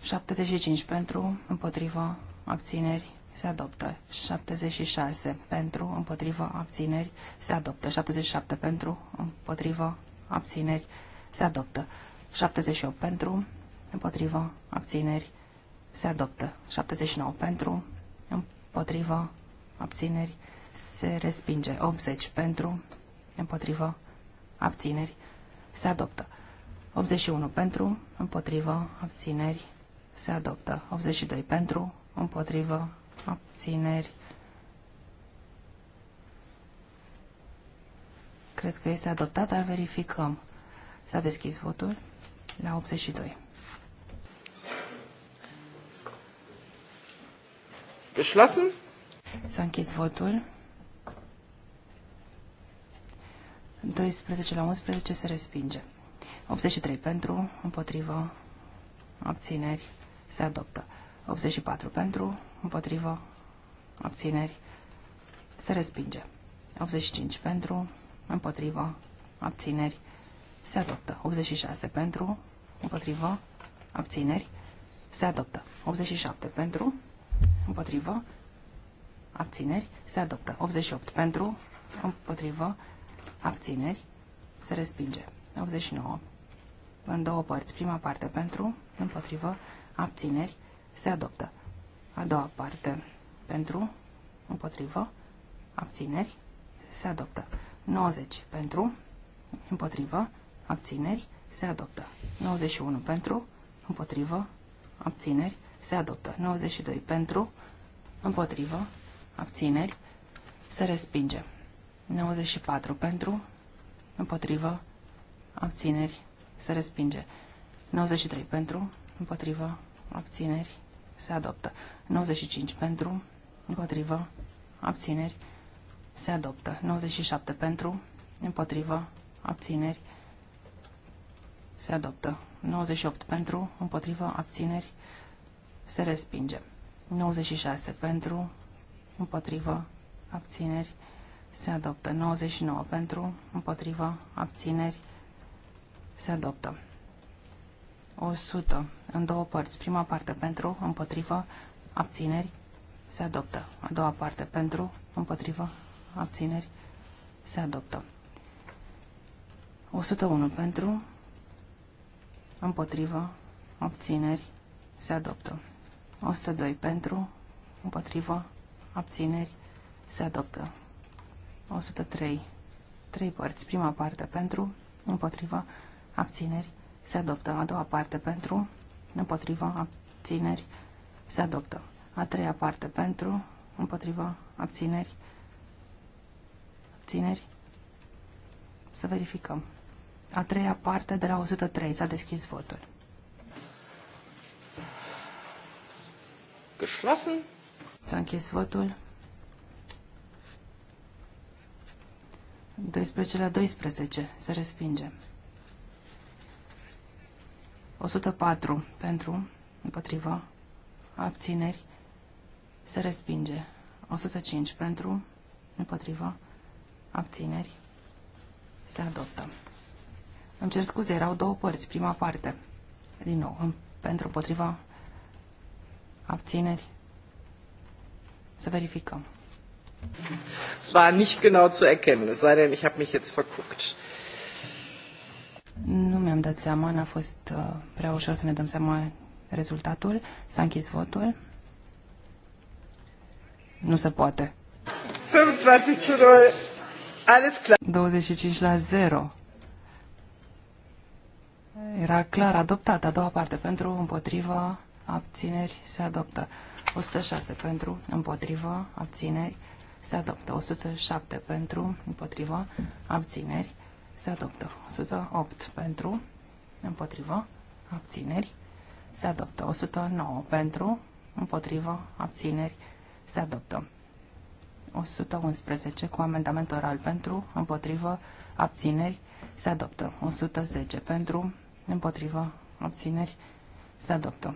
75 pentru, împotrivă, abțineri, se adoptă. 76 pentru, împotrivă, abțineri, se adoptă. 77 pentru, împotrivă, abțineri, se adoptă. 78 pentru, împotrivă, abțineri, se adoptă. 79 pentru, împotrivă, abțineri, se respinge. 80 pentru, împotrivă, abțineri, se adoptă. 81 pentru, împotrivă, abțineri, se adoptă. 82 pentru, împotrivă, abțineri. Cred că este adoptat, dar verificăm. S-a deschis votul la 82. Geschlossen? S-a închis votul. 12 la 11 se respinge. 83 pentru, împotrivă, abțineri, se adoptă. 84 pentru, împotrivă, abțineri, se respinge. 85 pentru, împotrivă, abțineri, se adoptă. 86 pentru, împotrivă, abțineri, se adoptă. 87 pentru, împotrivă, abțineri, se adoptă. 88 pentru, împotrivă, abțineri, se respinge. 89 în două părți. Prima parte pentru, împotrivă, abțineri, se adoptă. A doua parte. Pentru, împotrivă, abțineri, se adoptă. 90 pentru, împotrivă, abțineri, se adoptă. 91 pentru, împotrivă, abțineri, se adoptă. 92 pentru, împotrivă, abțineri, se respinge. 94 pentru, împotrivă, abțineri, se respinge. 93 pentru, împotrivă, abțineri, se adoptă. 95 pentru, împotrivă, abțineri, se adoptă. 97 pentru, împotrivă, abțineri, se adoptă. 98 pentru, împotrivă, abțineri, se respinge. 96 pentru, împotrivă, abțineri, se adoptă. 99 pentru, împotrivă, abțineri, se adoptă. 100 în două părți. Prima parte pentru, împotrivă, abțineri, se adoptă. A doua parte pentru, împotrivă, abțineri, se adoptă. 101 pentru, împotrivă, abțineri, se adoptă. 102 pentru, împotrivă, abțineri, se adoptă. 103, trei părți, prima parte pentru, împotrivă, abțineri, se adoptă. A doua parte pentru, împotriva, abțineri, se adoptă. A treia parte pentru, împotriva, abțineri, abțineri, să verificăm. A treia parte de la 103 s-a deschis votul. Geschlossen. S-a închis votul. 12 la 12 se respinge. 104 pentru, împotrivă, abțineri, se respinge. 105 pentru, împotrivă, abțineri, se adoptă. Îmi cer scuze, erau două părți, prima parte, din nou, pentru, împotriva, abțineri, să verificăm. Es war nicht genau zu erkennen, es sei denn, ich habe mich jetzt verguckt mi-am dat seama, n-a fost uh, prea ușor să ne dăm seama rezultatul. S-a închis votul. Nu se poate. 25 la 0. Era clar adoptat a doua parte pentru, împotriva, abțineri, se adoptă. 106 pentru, împotriva, abțineri, se adoptă. 107 pentru, împotriva, abțineri, se adoptă. 108 pentru, împotrivă, abțineri, se adoptă. 109 pentru, împotrivă, abțineri, se adoptă. 111 cu amendament oral pentru, împotrivă, abțineri, se adoptă. 110 pentru, împotrivă, abțineri, se adoptă.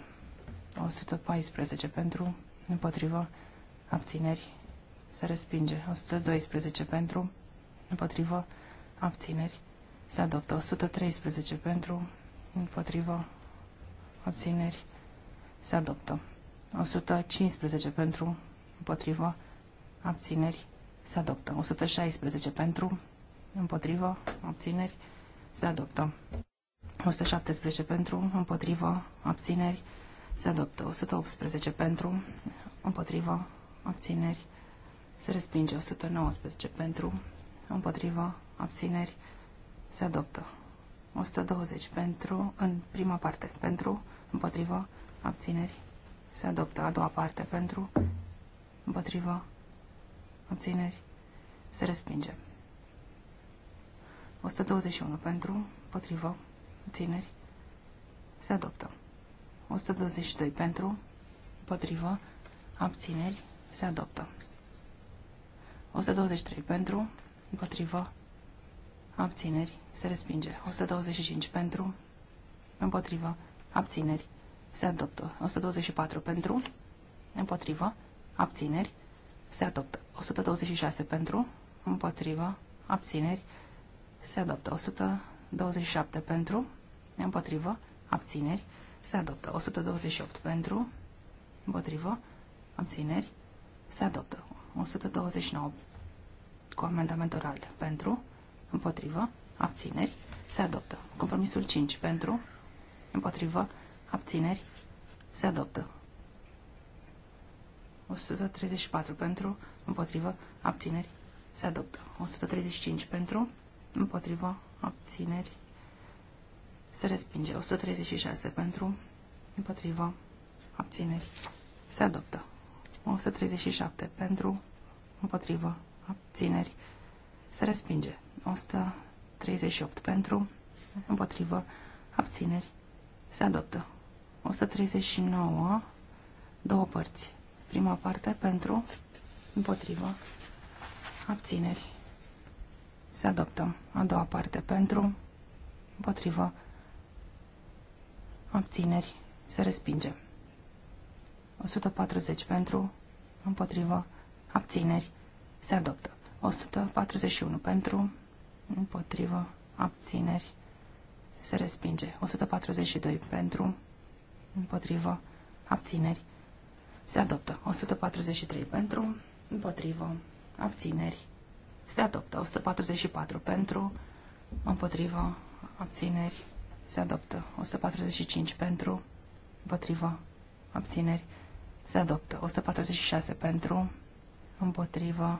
114 pentru, împotrivă, abțineri, se respinge. 112 pentru, împotrivă, abțineri, abțineri, se adoptă 113 pentru, împotrivă, abțineri, se adoptă 115 pentru, împotrivă, abțineri, se adoptă 116 pentru, împotrivă, abțineri, se adoptă 117 pentru, împotrivă, abțineri, se adoptă 118 pentru, împotrivă, abțineri, se respinge 119 pentru, împotrivă, abțineri, se adoptă. 120 pentru, în prima parte, pentru, împotrivă, abțineri, se adoptă. A doua parte, pentru, împotrivă, abțineri, se respinge. 121 pentru, împotrivă, abțineri, se adoptă. 122 pentru, împotrivă, abțineri, se adoptă. 123 pentru, împotrivă, abțineri, se respinge. 125 pentru, împotrivă, abțineri, se adoptă. 124 pentru, împotrivă, abțineri, se adoptă. 126 pentru, împotrivă, abțineri, se adoptă. 127 pentru, împotrivă, abțineri, se adoptă. 128 pentru, împotrivă, abțineri, se adoptă. 129 cu amendament oral pentru, Împotrivă. Abțineri. Se adoptă. Compromisul 5 pentru. Împotrivă. Abțineri. Se adoptă. 134 pentru. Împotrivă. Abțineri. Se adoptă. 135 pentru. Împotrivă. Abțineri. Se respinge. 136 pentru. Împotrivă. Abțineri. Se adoptă. 137 pentru. Împotrivă. Abțineri se respinge. 138 pentru, împotrivă, abțineri, se adoptă. 139, două părți. Prima parte pentru, împotrivă, abțineri, se adoptă. A doua parte pentru, împotrivă, abțineri, se respinge. 140 pentru, împotrivă, abțineri, se adoptă. 141 pentru, împotrivă, abțineri, se respinge. 142 pentru, împotrivă, abțineri, se adoptă. 143 pentru, împotrivă, abțineri, se adoptă. 144 pentru, împotrivă, abțineri, se adoptă. 145 pentru, împotrivă, abțineri, se adoptă. 146 pentru, împotrivă,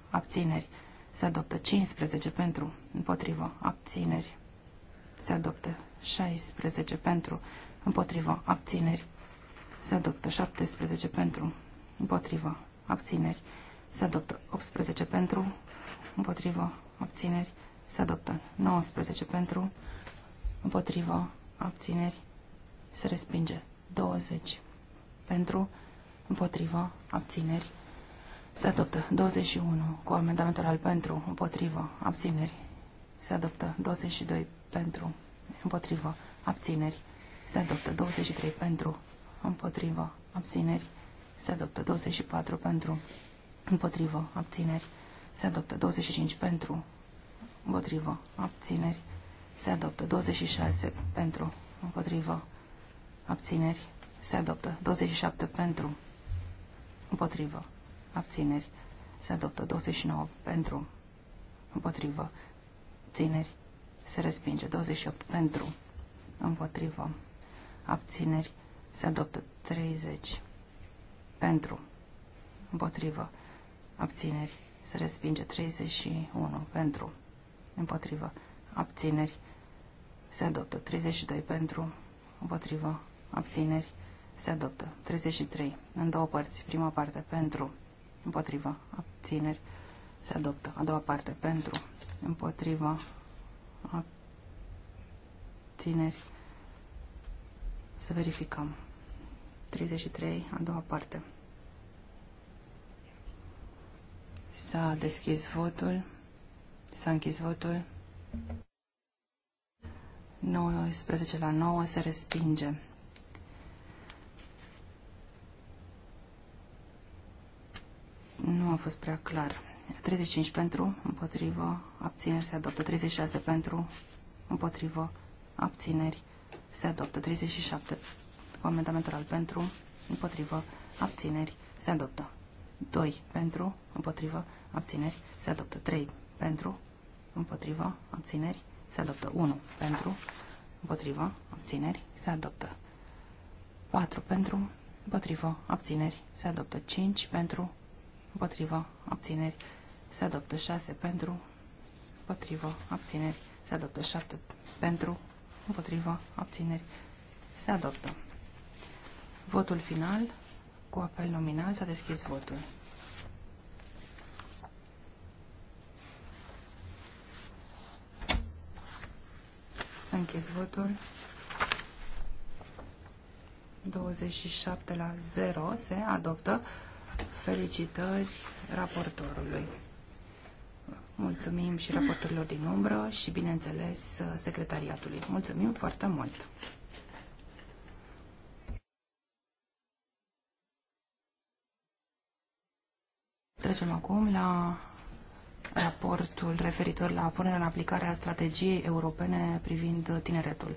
abțineri, se adoptă 15 pentru, împotrivă, abțineri, se adoptă 16 pentru, împotrivă, abțineri, se adoptă 17 pentru, împotrivă, abțineri, se adoptă 18 pentru, împotrivă, abțineri, se adoptă 19 pentru, împotrivă, abțineri, se respinge 20 pentru, împotrivă, abțineri, se adoptă 21 cu amendamentul al pentru, împotrivă, abțineri. Se adoptă 22 pentru, împotrivă, abțineri. Se adoptă 23 pentru, împotrivă, abțineri. Se adoptă 24 pentru, împotrivă, abțineri. Se adoptă 25 pentru, împotrivă, abțineri. Se adoptă 26 pentru, împotrivă, abțineri. Se adoptă 27 pentru, împotrivă, abțineri, se adoptă 29 pentru, împotrivă, țineri, se respinge 28 pentru, împotrivă, abțineri, se adoptă 30 pentru, împotrivă, abțineri, se respinge 31 pentru, împotrivă, abțineri, se adoptă 32 pentru, împotrivă, abțineri, se adoptă 33 în două părți, prima parte pentru, împotriva, abțineri, se adoptă. A doua parte, pentru, împotriva, abțineri, să verificăm. 33, a doua parte. S-a deschis votul, s-a închis votul. 19 la 9 se respinge. Nu a fost prea clar. 35 pentru, împotrivă, abțineri se adoptă. 36 pentru, împotrivă, abțineri se adoptă. 37 cu amendament oral pentru, împotrivă, abțineri se adoptă. 2 pentru, împotrivă, abțineri se adoptă. 3 pentru, împotrivă, abțineri se adoptă. 1 pentru, împotrivă, abțineri se adoptă. 4 pentru, împotrivă, abțineri se adoptă. 5 pentru, împotrivă, abțineri, se adoptă 6 pentru, împotrivă, abțineri, se adoptă 7 pentru, împotrivă, abțineri, se adoptă. Votul final, cu apel nominal, s-a deschis votul. S-a închis votul. 27 la 0 se adoptă Felicitări raportorului. Mulțumim și raportorilor din umbră și, bineînțeles, secretariatului. Mulțumim foarte mult! Trecem acum la raportul referitor la punerea în aplicare a strategiei europene privind tineretul.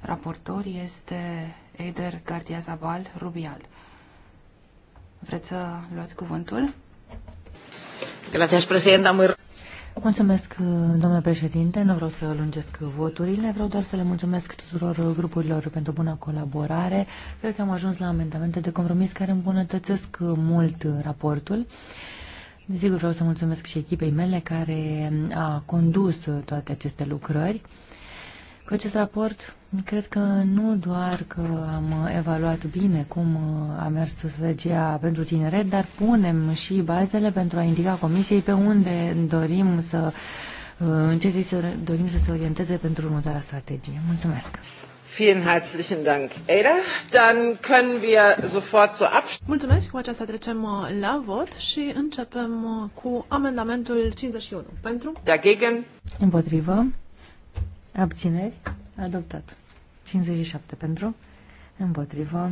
Raportor este Eder Gardia Zabal Rubial. Vreți să luați cuvântul? Mulțumesc, uh, domnule președinte. Nu vreau să lungesc voturile, vreau doar să le mulțumesc tuturor grupurilor pentru bună colaborare. Cred că am ajuns la amendamente de compromis care îmbunătățesc uh, mult uh, raportul. Desigur, vreau să mulțumesc și echipei mele care a condus toate aceste lucrări cu acest raport cred că nu doar că am evaluat bine cum a mers strategia pentru tineret, dar punem și bazele pentru a indica Comisiei pe unde dorim să în ce să dorim să se orienteze pentru următoarea strategie. Mulțumesc! Vielen herzlichen Dank, Ada. Dann können wir sofort zur Abstimmung. Mulțumesc, cu aceasta trecem uh, la vot și începem uh, cu amendamentul 51. Pentru? Dagegen? Împotrivă. Abțineri? Adoptat. 57 pentru. Împotrivă.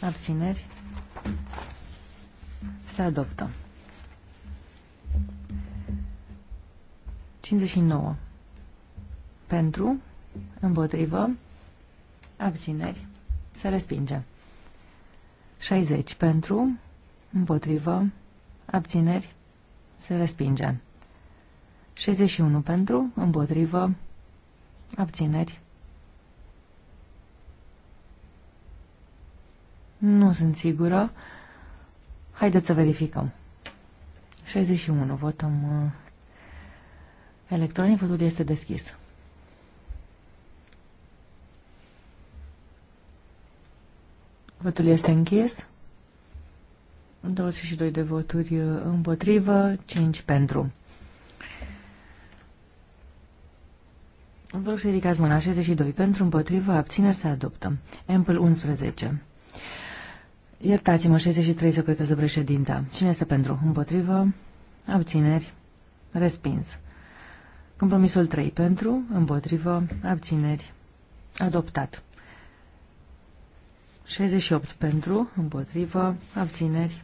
Abțineri? Se adoptă. 59. Pentru. Împotrivă. Abțineri? Se respinge. 60 pentru. Împotrivă. Abțineri? Se respinge. 61 pentru. Împotrivă. Abțineri. Nu sunt sigură. Haideți să verificăm. 61. Votăm uh, electronic. Votul este deschis. Votul este închis. 22 de voturi uh, împotrivă, 5 pentru. Vă rog să ridicați mâna 62. Pentru împotrivă, abțineri se adoptă. Ample 11. Iertați-mă, 63 se opetează președinta. Cine este pentru? Împotrivă, abțineri, respins. Compromisul 3 pentru, împotrivă, abțineri, adoptat. 68 pentru, împotrivă, abțineri,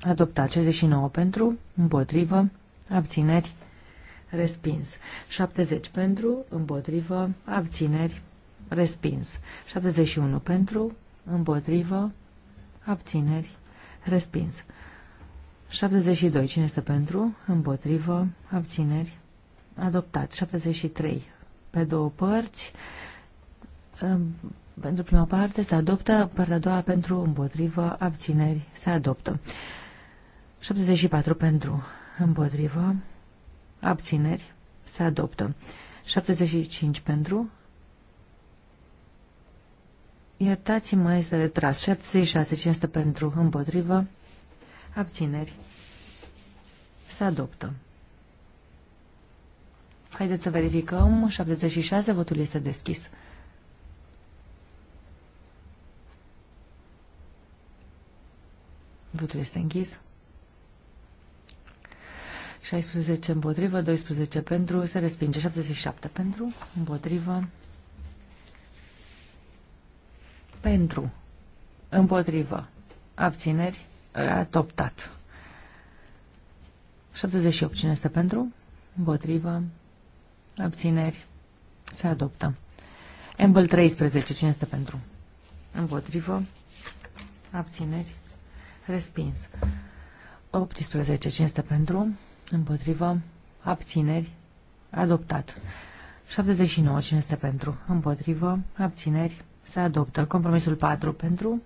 adoptat. 69 pentru, împotrivă, abțineri, respins. 70 pentru, împotrivă, abțineri, respins. 71 pentru, împotrivă, abțineri, respins. 72. Cine este pentru? Împotrivă. Abțineri. Adoptat. 73. Pe două părți. Pentru prima parte se adoptă, partea a doua pentru împotrivă, abțineri se adoptă. 74 pentru împotrivă, Abțineri. Se adoptă. 75 pentru. Iertați-mă, este retras. 76, 500 pentru. Împotrivă. Abțineri. Se adoptă. Haideți să verificăm. 76, votul este deschis. Votul este închis. 16 împotrivă, 12 pentru, se respinge. 77 pentru, împotrivă, pentru, împotrivă, abțineri, adoptat. 78 cine este pentru, împotrivă, abțineri, se adoptă. Embl 13 cine este pentru, împotrivă, abțineri, respins. 18 este pentru, Împotrivă. abțineri, adoptat. 79. Cine este pentru? Împotrivă. Abțineri. Se adoptă. Compromisul 4. Pentru.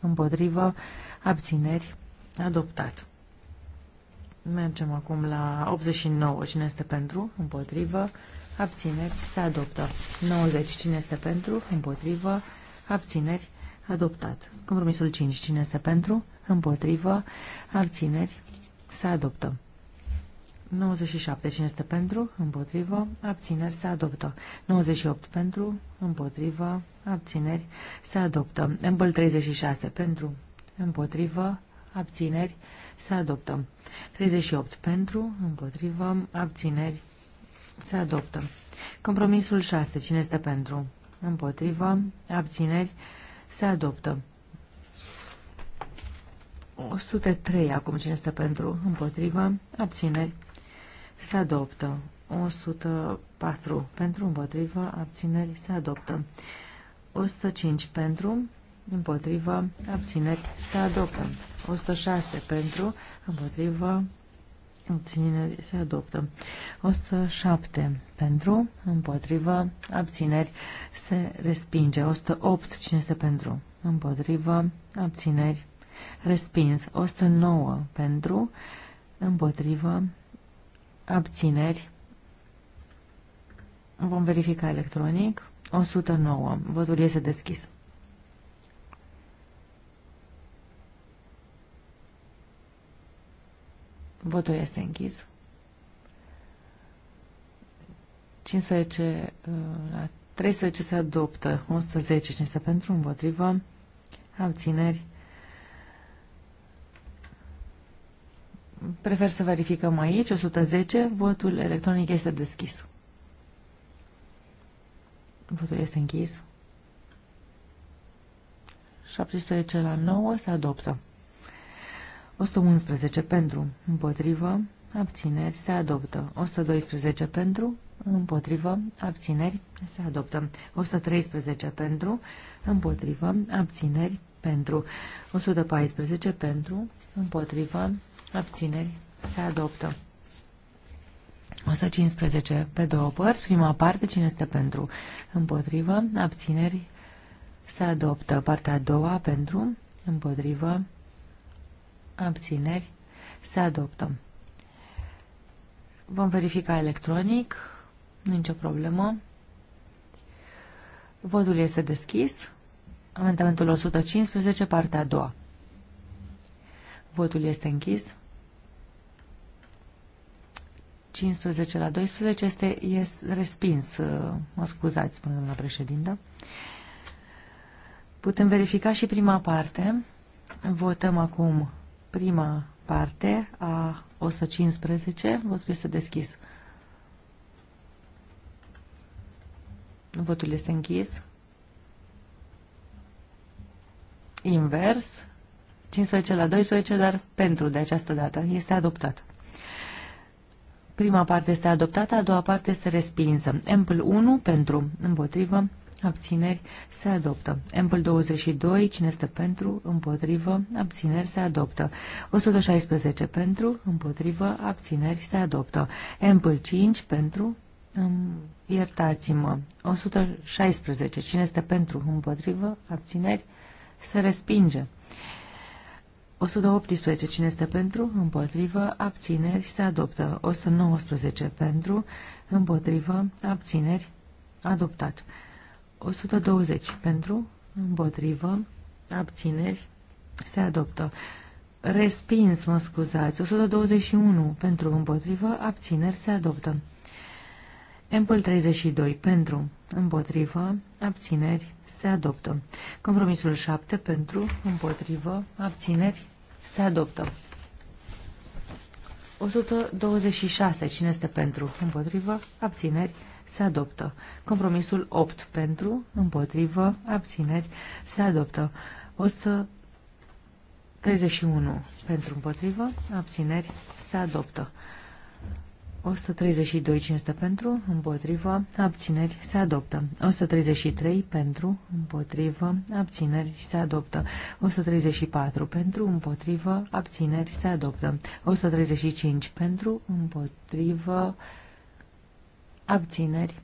Împotrivă. Abțineri. Adoptat. Mergem acum la 89. Cine este pentru? Împotrivă. Abțineri. Se adoptă. 90. Cine este pentru? Împotrivă. Abțineri. Adoptat. Compromisul 5. Cine este pentru? Împotrivă. Abțineri. Se adoptă. 97. Cine este pentru? Împotrivă. Abțineri se adoptă. 98 pentru. Împotrivă. Abțineri se adoptă. Îmbăl 36 pentru. Împotrivă. Abțineri se adoptă. 38 pentru. Împotrivă. Abțineri se adoptă. Compromisul 6. Cine este pentru? Împotrivă. Abțineri se adoptă. 103 acum cine este pentru, împotrivă, abțineri, se adoptă. 104 pentru, împotrivă, abțineri, se adoptă. 105 pentru, împotrivă, abțineri, se adoptă. 106 pentru, împotrivă, abțineri, se adoptă. 107 pentru, împotrivă, abțineri, se respinge. 108, cine este pentru, împotrivă, abțineri, respins. 109 pentru, împotrivă, abțineri, vom verifica electronic, 109, votul este deschis. Votul este închis. 15 uh, la 13 se adoptă, 11 este pentru, împotrivă, abțineri, Prefer să verificăm aici. 110. Votul electronic este deschis. Votul este închis. 17 la 9 se adoptă. 111 pentru, împotrivă, abțineri, se adoptă. 112 pentru, împotrivă, abțineri, se adoptă. 113 pentru, împotrivă, abțineri, pentru. 114 pentru, împotrivă, abțineri, se adoptă. 115 pe două părți, prima parte, cine este pentru, împotrivă, abțineri, se adoptă. Partea a doua, pentru, împotrivă, abțineri, se adoptă. Vom verifica electronic, nicio problemă. Votul este deschis. Amendamentul 115, partea a doua. Votul este închis. 15 la 12 este, yes, respins. Mă scuzați, spune doamna președintă. Putem verifica și prima parte. Votăm acum prima parte a 115. Votul este deschis. Votul este închis. Invers. 15 la 12, dar pentru de această dată. Este adoptat. Prima parte este adoptată, a doua parte este respinsă. Empl 1 pentru, împotrivă, abțineri, se adoptă. Empl 22, cine este pentru, împotrivă, abțineri, se adoptă. 116 pentru, împotrivă, abțineri, se adoptă. Empl 5 pentru, iertați-mă, 116, cine este pentru, împotrivă, abțineri, se respinge. 118. Cine este pentru? Împotrivă. Abțineri. Se adoptă. 119. Pentru. Împotrivă. Abțineri. Adoptat. 120. Pentru. Împotrivă. Abțineri. Se adoptă. Respins, mă scuzați. 121. Pentru. Împotrivă. Abțineri. Se adoptă. Empul 32. Pentru. Împotrivă. Abțineri. Se adoptă. Compromisul 7 pentru, împotrivă, abțineri, se adoptă. 126. Cine este pentru? Împotrivă? Abțineri? Se adoptă. Compromisul 8. Pentru? Împotrivă? Abțineri? Se adoptă. 131. Pentru? Împotrivă? Abțineri? Se adoptă. 132 cine pentru, împotriva, abțineri, se adoptă. 133 pentru, împotriva, abțineri, se adoptă. 134 pentru, împotriva, abțineri, se adoptă. 135 pentru, împotriva, abțineri.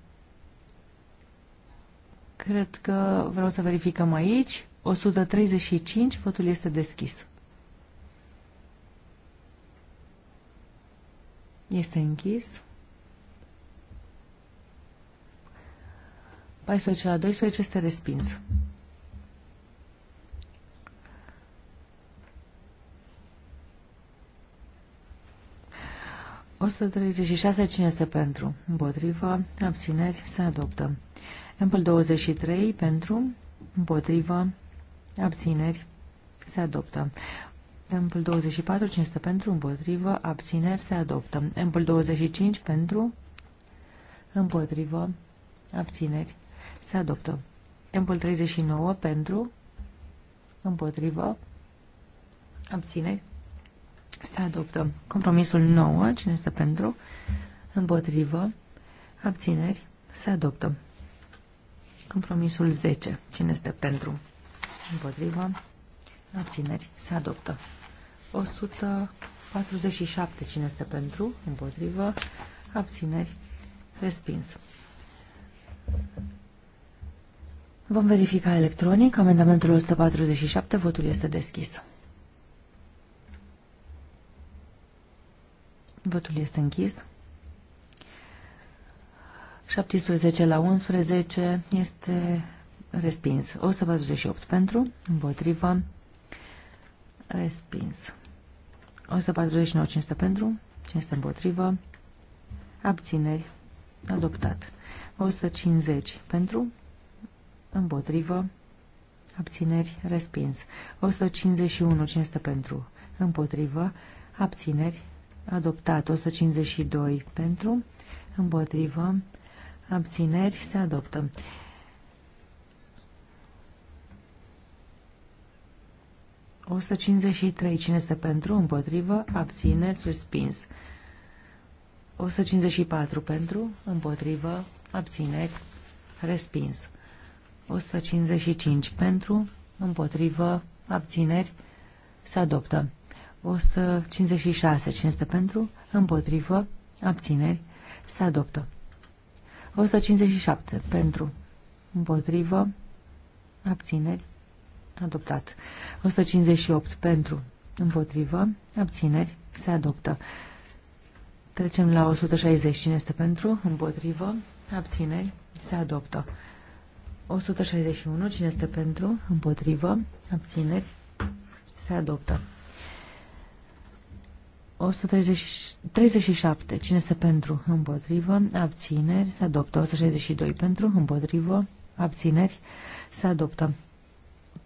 Cred că vreau să verificăm aici. 135, votul este deschis. Este închis. 14 la 12 este respins. O să 136 cine este pentru? Împotrivă, abțineri, se adoptă. Ample 23 pentru, împotrivă, abțineri, se adoptă. Empl 24, cine este pentru, împotrivă, abțineri, se adoptă. Empl 25, pentru, împotrivă, abțineri, se adoptă. Empl 39, pentru, împotrivă, abțineri, se adoptă. Compromisul 9, cine este pentru, împotrivă, abțineri, se adoptă. Compromisul 10, cine este pentru, împotrivă, abțineri, se adoptă. 147. Cine este pentru? Împotrivă. Abțineri. Respins. Vom verifica electronic. Amendamentul 147. Votul este deschis. Votul este închis. 17 la 11 este respins. 148 pentru, împotrivă, Respins. 149, 500 pentru, 500 împotrivă, abțineri, adoptat. 150 pentru, împotrivă, abțineri, respins. 151, 500 pentru, împotrivă, abțineri, adoptat. 152 pentru, împotrivă, abțineri, se adoptă. 153. Cine este pentru? Împotrivă. Abțineri. Respins. 154 pentru, împotrivă, abțineri, respins. 155 pentru, împotrivă, abțineri, se adoptă. 156, cine este pentru, împotrivă, abțineri, se adoptă. 157 pentru, împotrivă, abțineri, adoptat. 158 pentru, împotrivă, abțineri, se adoptă. Trecem la 160. Cine este pentru? Împotrivă. Abțineri. Se adoptă. 161. Cine este pentru? Împotrivă. Abțineri. Se adoptă. 137. Cine este pentru? Împotrivă. Abțineri. Se adoptă. 162. Pentru? Împotrivă. Abțineri. Se adoptă.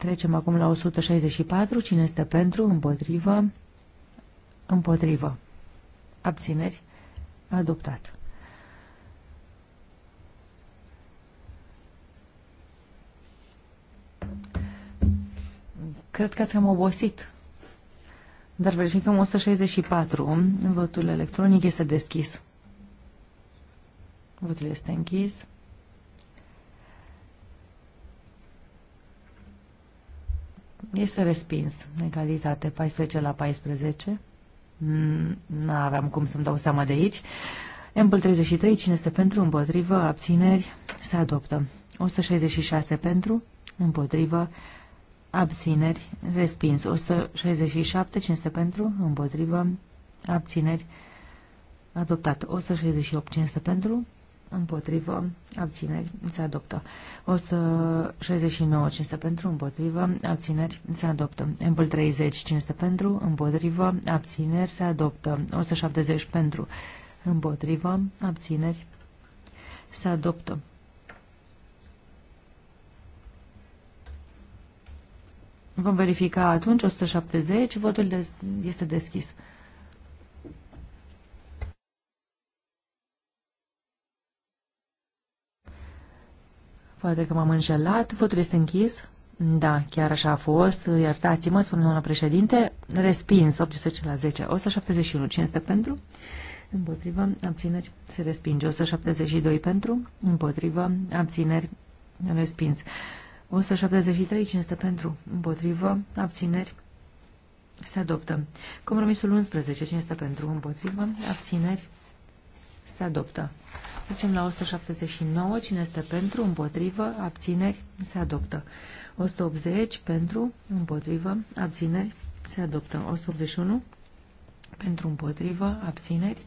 Trecem acum la 164. Cine este pentru? Împotrivă. Împotrivă. Abțineri. Adoptat. Cred că ați cam obosit. Dar verificăm 164. Votul electronic este deschis. Votul este închis. Este respins. Egalitate 14 la 14. Nu aveam cum să-mi dau seama de aici. Ample 33, cine este pentru, împotrivă, abțineri, se adoptă. 166 pentru, împotrivă, abțineri, respins. 167, cine este pentru, împotrivă, abțineri, adoptat. 168, cine este pentru, împotrivă, abțineri, se adoptă. 169, 500 pentru, împotrivă, abțineri, se adoptă. Empul 30, 500 pentru, împotrivă, abțineri, se adoptă. 170 pentru, împotrivă, abțineri, se adoptă. Vom verifica atunci 170, votul este deschis. Poate că m-am înșelat. Votul este închis. Da, chiar așa a fost. Iertați-mă, spune domnul președinte. Respins, 18 la 10. 171. Cine este pentru? Împotrivă. Abțineri. Se respinge. 172 pentru. Împotrivă. Abțineri. Respins. 173. Cine este pentru? Împotrivă. Abțineri. Se adoptă. Compromisul 11. Cine este pentru? Împotrivă. Abțineri. Se adoptă. Trecem la 179. Cine este pentru, împotrivă, abțineri, se adoptă. 180 pentru, împotrivă, abțineri, se adoptă. 181 pentru, împotrivă, abțineri,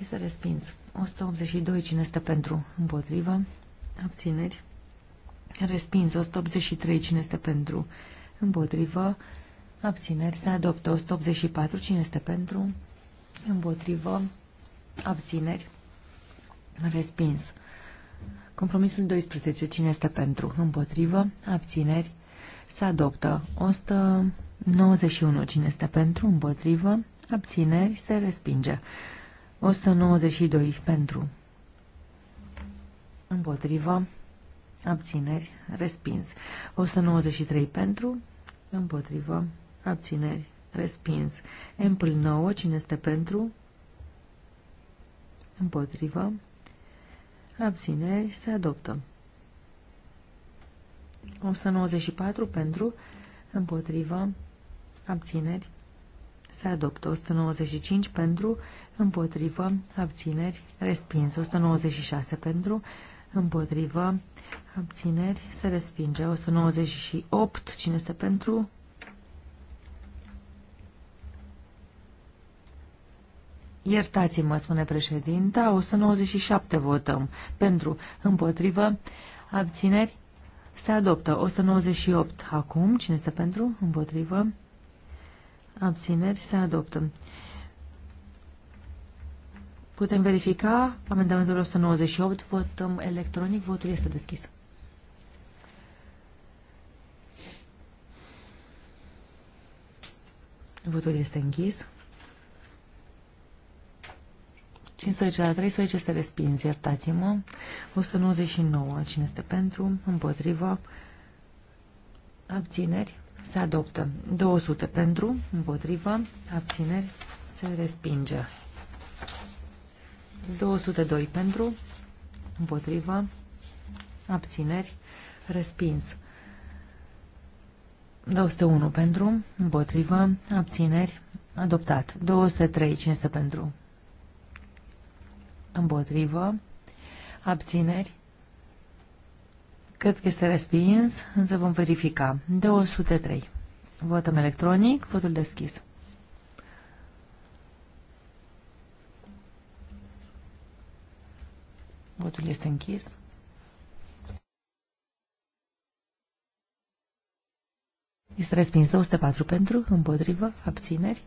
este respins. 182. Cine este pentru, împotrivă, abțineri, respins. 183. Cine este pentru, împotrivă, abțineri, se adoptă. 184. Cine este pentru, împotrivă, abțineri, Respins. Compromisul 12. Cine este pentru? Împotrivă. Abțineri. Se adoptă. 191. Cine este pentru? Împotrivă. Abțineri. Se respinge. 192. Pentru. Împotrivă. Abțineri. Respins. 193. Pentru. Împotrivă. Abțineri. Respins. Empl 9. Cine este pentru? Împotrivă abțineri, se adoptă. 194 pentru, împotrivă, abțineri, se adoptă. 195 pentru, împotrivă, abțineri, respins. 196 pentru, împotrivă, abțineri, se respinge. 198, cine este pentru, Iertați-mă, spune președinta, 197 votăm. Pentru, împotrivă, abțineri, se adoptă. 198 acum, cine este pentru, împotrivă, abțineri, se adoptă. Putem verifica amendamentul 198, votăm electronic, votul este deschis. Votul este închis. 15 la 13 este respins, iertați-mă. 199, cine este pentru, împotrivă, abțineri, se adoptă. 200 pentru, împotrivă, abțineri, se respinge. 202 pentru, împotrivă, abțineri, respins. 201 pentru, împotrivă, abțineri, adoptat. 203, cine este pentru, împotrivă, abțineri, cred că este respins, însă vom verifica. 203. Votăm electronic, votul deschis. Votul este închis. Este respins 204 pentru, împotrivă, abțineri.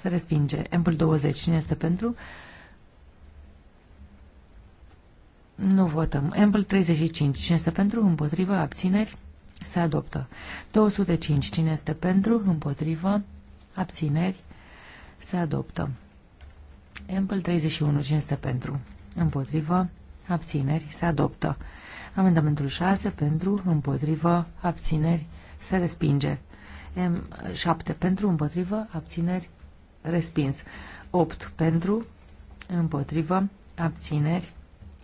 Se respinge. Ample 20. Cine este pentru? Nu votăm. Ample 35. Cine este pentru? Împotrivă? Abțineri? Se adoptă. 205. Cine este pentru? Împotrivă? Abțineri? Se adoptă. Ample 31. Cine este pentru? Împotrivă? Abțineri? Se adoptă. Amendamentul 6. Pentru? Împotrivă? Abțineri? Se respinge. M7. Pentru? Împotrivă? Abțineri? Respins. 8. Pentru? Împotrivă? Abțineri?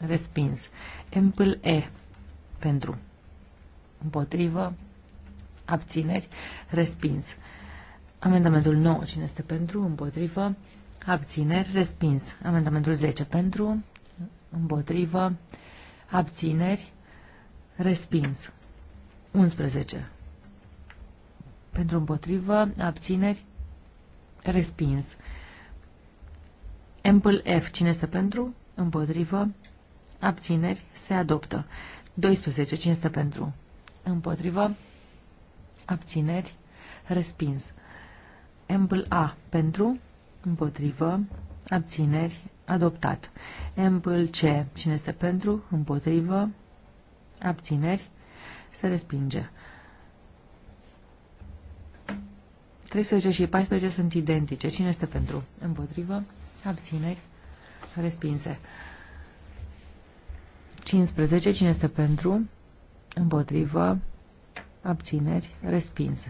Respins. Empl E. Pentru. Împotrivă. Abțineri. Respins. Amendamentul 9. Cine este pentru? Împotrivă. Abțineri. Respins. Amendamentul 10. Pentru. Împotrivă. Abțineri. Respins. 11. Pentru împotrivă, abțineri, respins. Ample F. Cine este pentru? Împotrivă, abțineri, se adoptă. 12. Cine stă pentru? Împotrivă, abțineri, respins. Ample A pentru, împotrivă, abțineri, adoptat. Ample C. Cine este pentru, împotrivă, abțineri, se respinge. 13 și 14 sunt identice. Cine este pentru? Împotrivă, abțineri, respinse. 15. Cine este pentru? Împotrivă. Abțineri. Respins.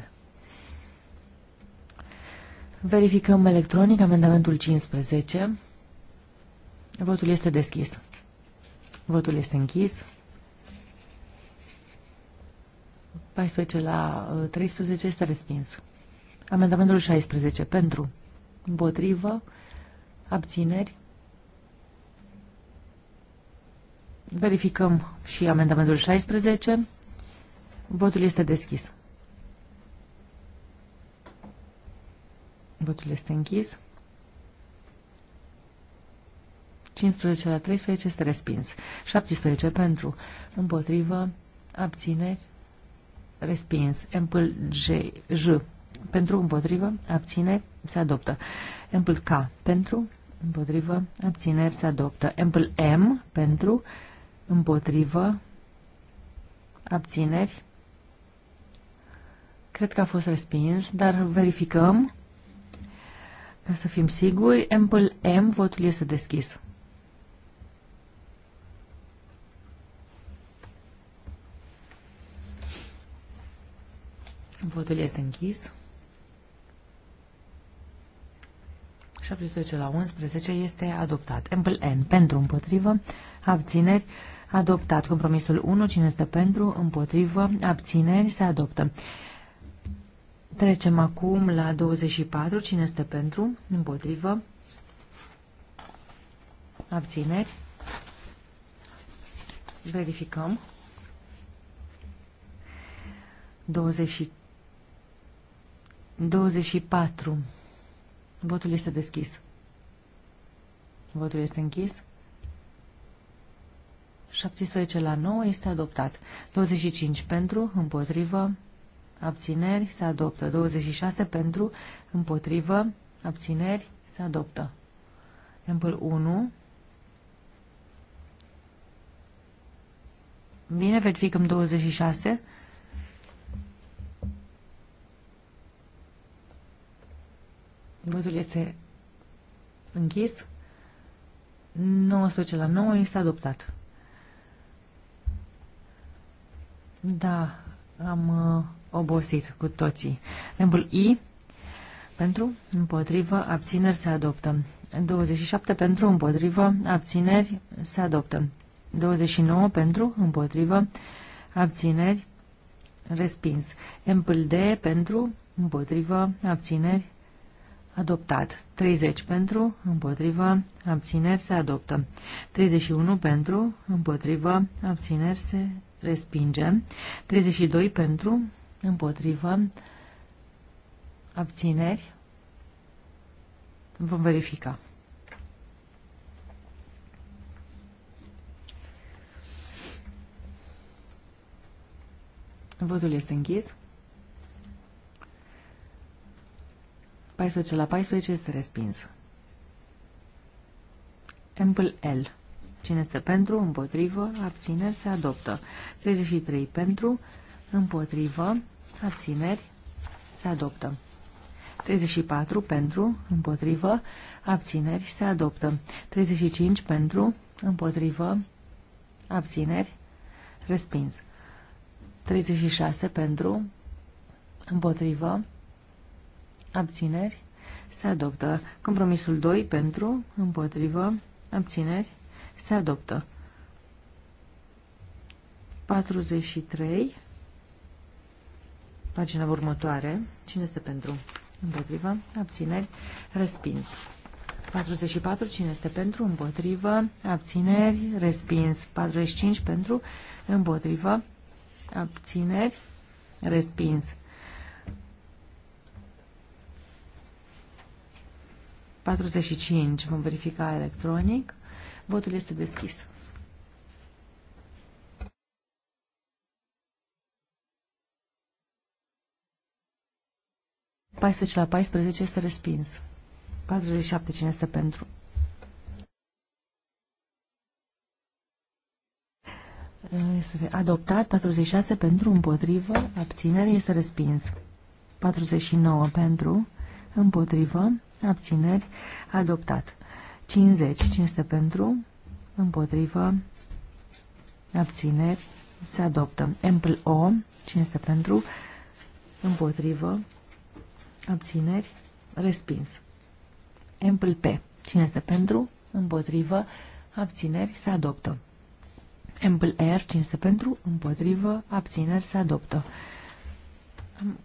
Verificăm electronic amendamentul 15. Votul este deschis. Votul este închis. 14 la 13 uh, este respins. Amendamentul 16. Pentru. Împotrivă. Abțineri. Verificăm și amendamentul 16. Votul este deschis. Votul este închis. 15 la 13 este respins. 17 pentru, împotrivă, abțineri, respins. Empl J J, pentru, împotrivă, abțineri, se adoptă. Empl K, pentru, împotrivă, abțineri, se adoptă. Empl M, pentru, împotrivă, abțineri. Cred că a fost respins, dar verificăm ca să fim siguri. Ample M, votul este deschis. Votul este închis. 17 la 11 este adoptat. Ample N pentru împotrivă, abțineri adoptat. Compromisul 1, cine este pentru, împotrivă, abțineri, se adoptă. Trecem acum la 24, cine este pentru, împotrivă, abțineri. Verificăm. 20, 24. Votul este deschis. Votul este închis. 17 la 9 este adoptat. 25 pentru, împotrivă, abțineri, se adoptă. 26 pentru, împotrivă, abțineri, se adoptă. Exemplu 1. Bine, verificăm 26. Votul este închis. 19 la 9 este adoptat. Da, am uh, obosit cu toții. Membrul I pentru, împotrivă, abțineri se adoptă. 27 pentru, împotrivă, abțineri se adoptă. 29 pentru, împotrivă, abțineri, respins. d pentru, împotrivă, abțineri, adoptat. 30 pentru, împotrivă, abțineri se adoptă. 31 pentru, împotrivă, abțineri se respinge. 32 pentru, împotrivă, abțineri. Vom verifica. Votul este închis. 14 la 14 este respins. Ample L. Cine este pentru, împotrivă, abțineri, se adoptă. 33 pentru, împotrivă, abțineri, se adoptă. 34 pentru, împotrivă, abțineri, se adoptă. 35 pentru, împotrivă, abțineri, respins. 36 pentru, împotrivă, abțineri, se adoptă. Compromisul 2 pentru, împotrivă, abțineri, se adoptă. 43, pagina următoare, cine este pentru? Împotrivă, abțineri, respins. 44, cine este pentru? Împotrivă, abțineri, respins. 45, pentru? Împotrivă, abțineri, respins. 45, vom verifica electronic. Votul este deschis. Paisprezece la 14 este respins. 47 cine este pentru? Este adoptat 46 pentru, împotrivă, abținere, este respins. 49 pentru, împotrivă, abțineri, adoptat. 50. 500 pentru? Împotrivă. Abțineri. Se adoptă. Empl O. 500 pentru? Împotrivă. Abțineri. Respins. Empl P. 500 pentru? Împotrivă. Abțineri. Se adoptă. Empl R. 500 pentru? Împotrivă. Abțineri. Se adoptă.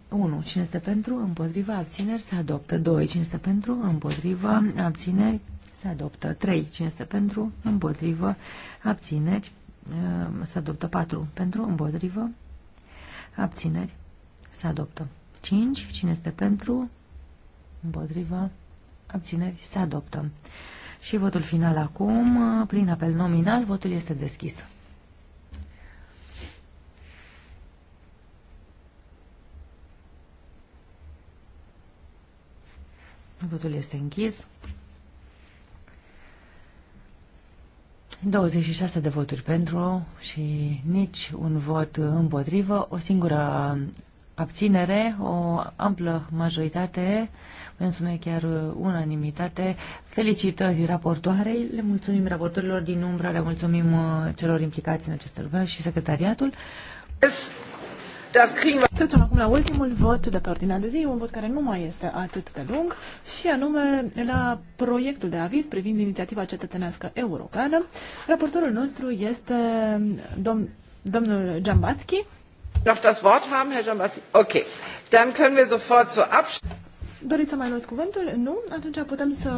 1. Cine este pentru? Împotriva. Abțineri. Se adoptă. 2. Cine este pentru? Împotriva. Abțineri se adoptă 3, 500 ehm, pentru, împotrivă, abțineri, se adoptă 4, pentru, împotrivă, abțineri, se adoptă 5, cine este pentru, împotrivă, abțineri, se adoptă. Și votul final acum, prin apel nominal, votul este deschis. Votul este închis. 26 de voturi pentru și nici un vot împotrivă, o singură abținere, o amplă majoritate, putem spune chiar unanimitate. Felicitări raportoarei, le mulțumim raportorilor din umbră, le mulțumim uh, celor implicați în acest lucru și secretariatul. Trecem acum la ultimul vot de pe ordinea de zi, un vot care nu mai este atât de lung, și anume la proiectul de aviz privind inițiativa cetățenească europeană. Raportorul nostru este dom domnul Jambatski. Darf das Wort haben, Herr Jambatski. Ok, Dann können wir sofort zur Abstimmung. Doriți să mai luați cuvântul? Nu? Atunci putem să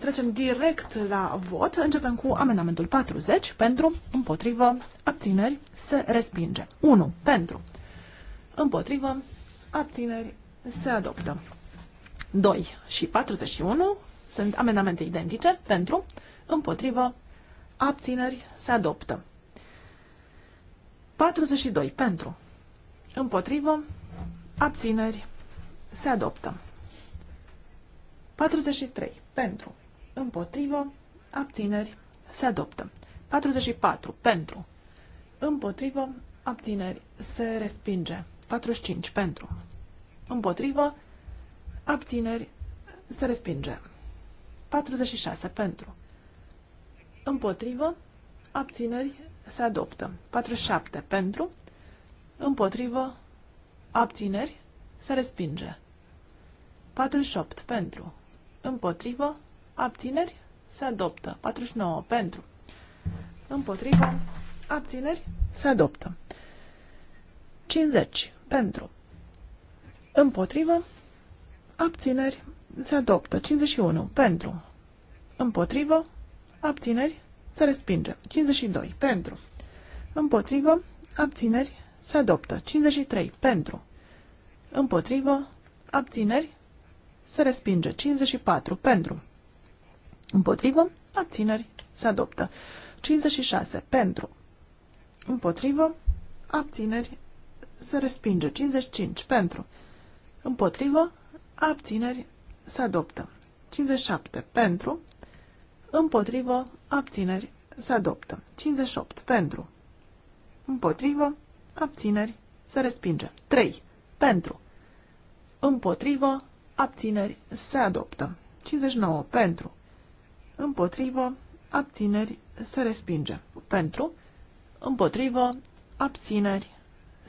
trecem direct la vot. Începem cu amendamentul 40 pentru, împotrivă, abțineri, se respinge. 1 pentru, Împotrivă. Abțineri. Se adoptă. 2 și 41 sunt amendamente identice pentru, împotrivă, abțineri, se adoptă. 42 pentru, împotrivă, abțineri, se adoptă. 43 pentru, împotrivă, abțineri, se adoptă. 44 pentru, împotrivă, abțineri, se respinge. 45 pentru. Împotrivă. Abțineri. Se respinge. 46 pentru. Împotrivă. Abțineri. Se adoptă. 47 pentru. Împotrivă. Abțineri. Se respinge. 48 pentru. Împotrivă. Abțineri. Se adoptă. 49 pentru. Împotrivă. Abțineri. Se adoptă. 50 pentru. Împotrivă. Abțineri. Se adoptă. 51. Pentru. Împotrivă. Abțineri. Se respinge. 52. Pentru. Împotrivă. Abțineri. Se adoptă. 53. Pentru. Împotrivă. Abțineri. Se respinge. 54. Pentru. Împotrivă. Abțineri. Se adoptă. 56. Pentru. Împotrivă. Abțineri se respinge. 55 pentru. Împotrivă, abțineri, se adoptă. 57 pentru. Împotrivă, abțineri, se adoptă. 58 pentru. Împotrivă, abțineri, se respinge. 3 pentru. Împotrivă, abțineri, se adoptă. 59 pentru. Împotrivă, abțineri, se respinge. Pentru, împotrivă, abțineri,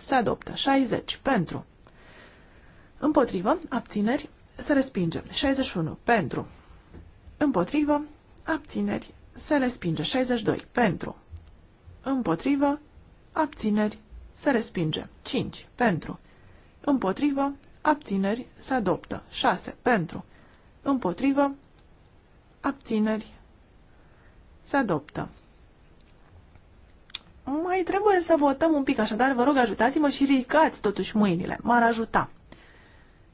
se adoptă. 60 pentru. Împotrivă, abțineri, se respinge. 61 pentru. Împotrivă, abțineri, se respinge. 62 pentru. Împotrivă, abțineri, se respinge. 5 pentru. Împotrivă, abțineri, se adoptă. 6 pentru. Împotrivă, abțineri, se adoptă. Mai trebuie să votăm un pic, așadar vă rog ajutați-mă și ridicați totuși mâinile. M-ar ajuta,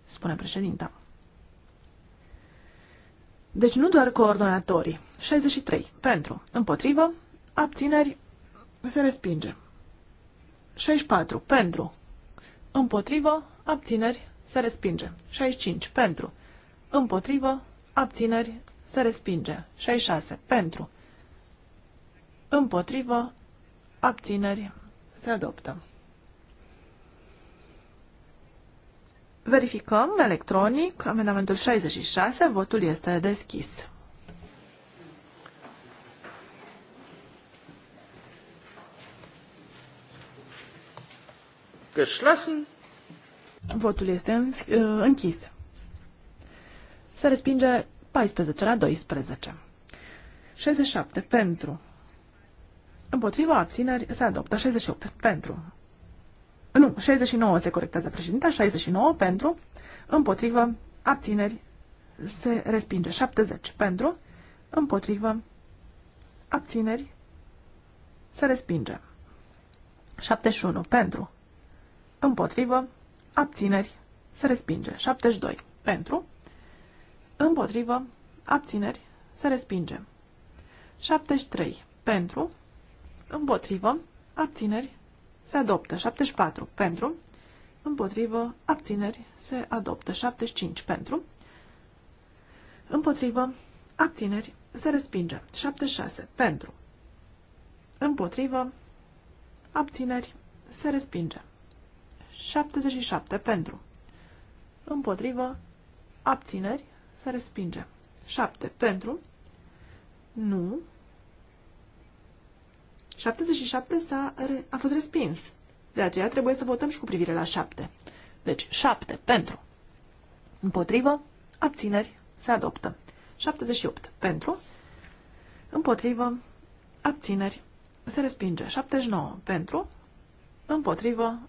spune președinta. Deci nu doar coordonatorii. 63. Pentru. Împotrivă. Abțineri. Se respinge. 64. Pentru. Împotrivă. Abțineri. Se respinge. 65. Pentru. Împotrivă. Abțineri. Se respinge. 66. Pentru. Împotrivă. Abțineri. Se adoptă. Verificăm electronic amendamentul 66. Votul este deschis. Geschlossen. Votul este uh, închis. Se respinge 14 la 12. 67 pentru împotriva, abțineri, se adoptă. 68 pentru. Nu, 69 se corectează președinta, 69 pentru, împotrivă, abțineri, se respinge. 70 pentru, împotrivă, abțineri, se respinge. 71 pentru, împotrivă, abțineri, se respinge. 72 pentru, împotrivă, abțineri, se respinge. 73 pentru, împotrivă, abțineri, se adoptă. 74 pentru, împotrivă, abțineri, se adoptă. 75 pentru, împotrivă, abțineri, se respinge. 76 pentru, împotrivă, abțineri, se respinge. 77 pentru, împotrivă, abțineri, se respinge. 7 pentru, nu, 77 s-a, a fost respins. De aceea trebuie să votăm și cu privire la 7. Deci 7 pentru. Împotrivă. Abțineri. Se adoptă. 78 pentru. Împotrivă. Abțineri. Se respinge. 79 pentru. Împotrivă.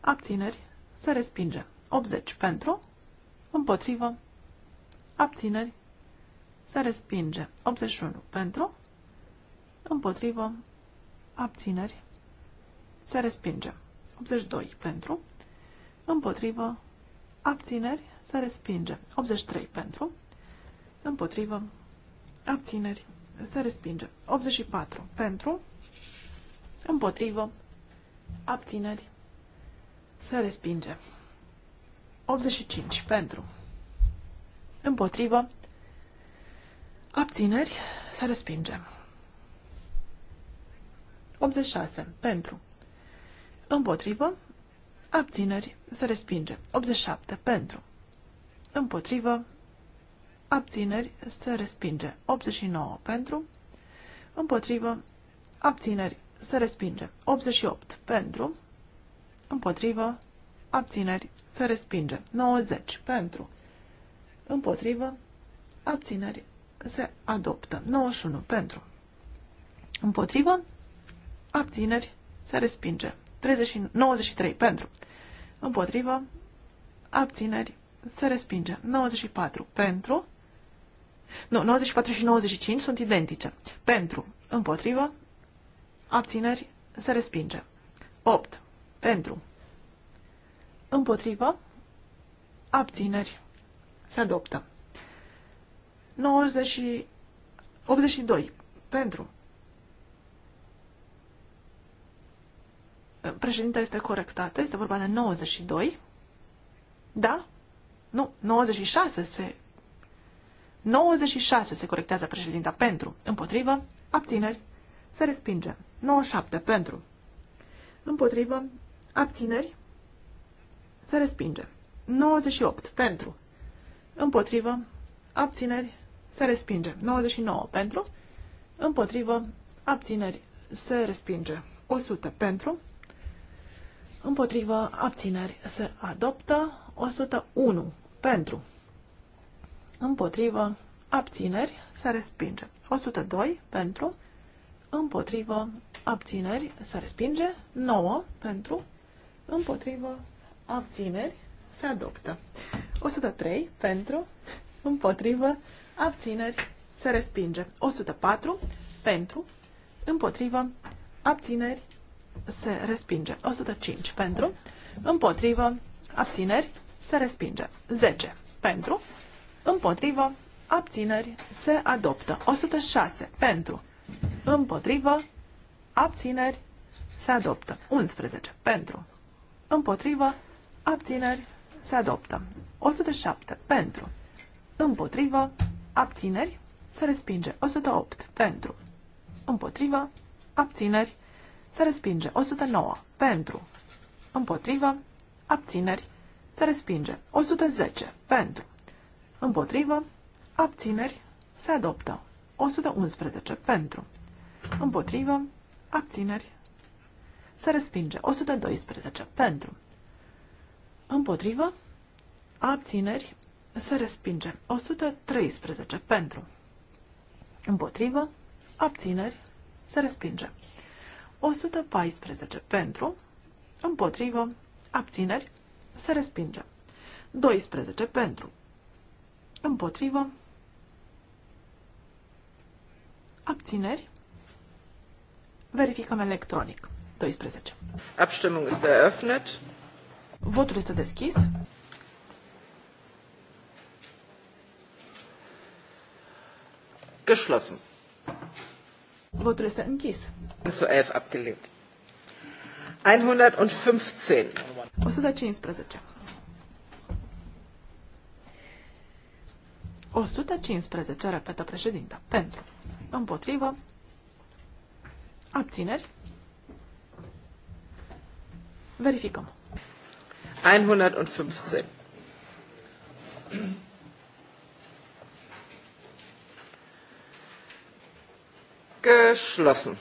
Abțineri. Se respinge. 80 pentru. Împotrivă. Abțineri. Se respinge. 81 pentru. Împotrivă abțineri, se respinge. 82 pentru, împotrivă, abțineri, se respinge. 83 pentru, împotrivă, abțineri, se respinge. 84 pentru, împotrivă, abțineri, se respinge. 85 pentru, împotrivă, abțineri, se respinge. 86. Pentru. Împotrivă. Abțineri. Se respinge. 87. Pentru. Împotrivă. Abțineri. Se respinge. 89. Pentru. Împotrivă. Abțineri. Se respinge. 88. Pentru. Împotrivă. Abțineri. Se respinge. 90. Pentru. Împotrivă. Abțineri. Se adoptă. 91. Pentru. Împotrivă abțineri, se respinge. 30, 93 pentru, împotrivă, abțineri, se respinge. 94 pentru, nu, 94 și 95 sunt identice. Pentru, împotrivă, abțineri, se respinge. 8 pentru, împotrivă, abțineri, se adoptă. 90, 82 pentru, președintele este corectată, este vorba de 92. Da? Nu, 96 se... 96 se corectează președinta pentru, împotrivă, abțineri, se respinge. 97 pentru, împotrivă, abțineri, se respinge. 98 pentru, împotrivă, abțineri, se respinge. 99 pentru, împotrivă, abțineri, se respinge. 100 pentru, Împotrivă abțineri se adoptă 101 pentru. Împotrivă abțineri se respinge 102 pentru. Împotrivă abțineri se respinge 9 pentru. Împotrivă abțineri se adoptă 103 pentru. Împotrivă abțineri se respinge 104 pentru. Împotrivă abțineri se se respinge. 105 pentru, împotrivă, abțineri, se respinge. 10 pentru, împotrivă, abțineri, se adoptă. 106 pentru, împotrivă, abțineri, se adoptă. 11 pentru, împotrivă, abțineri, se adoptă. 107 pentru, împotrivă, abțineri, se respinge. 108 pentru, împotrivă, abțineri, se se respinge. 109 pentru, împotrivă, abțineri, se respinge. 110 pentru, împotrivă, abțineri, se adoptă. 111 pentru, împotrivă, abțineri, se respinge. 112 pentru, împotrivă, abțineri, se respinge. 113 pentru, împotrivă, abțineri, se respinge. 114 pentru, împotrivă, abțineri, se respinge. 12 pentru, împotrivă, abțineri, verificăm electronic. 12. Abstimmung este eröffnet. Votul este deschis. Geschlossen. Votul este închis. 115. 115. 115, repetă președinta. Pentru. Împotrivă. Abțineri. Verificăm. 115. geschlossen.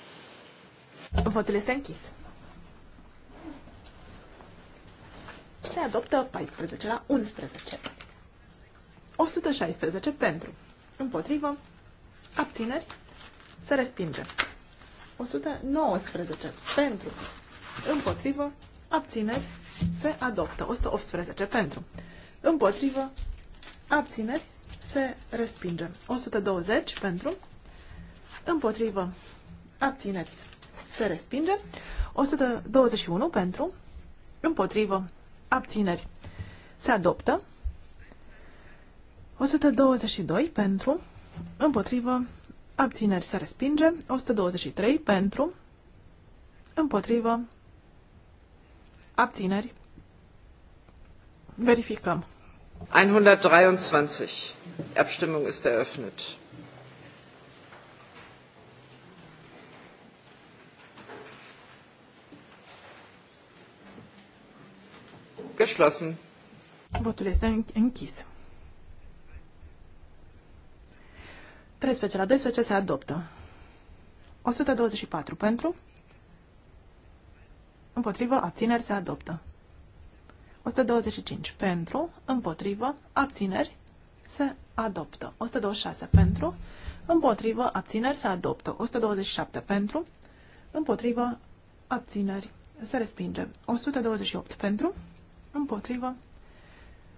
Votul este închis. Se adoptă 14 la 11. 116 pentru. Împotrivă. Abțineri. Se respinge. 119 pentru. Împotrivă. Abțineri. Se adoptă. 118 pentru. Împotrivă. Abțineri. Se respinge. 120 pentru împotrivă, abțineri, se respinge. 121 pentru, împotrivă, abțineri, se adoptă. 122 pentru, împotrivă, abțineri, se respinge. 123 pentru, împotrivă, abțineri, verificăm. 123. Abstimmung ist eröffnet. Geschlossen. Votul este închis. 13 la 12 se adoptă. 124 pentru. Împotrivă, abțineri, se adoptă. 125 pentru, împotrivă, abțineri, se adoptă. 126 pentru, împotrivă, abțineri, se adoptă. 127 pentru, împotrivă, abțineri, se respinge. 128 pentru, împotrivă,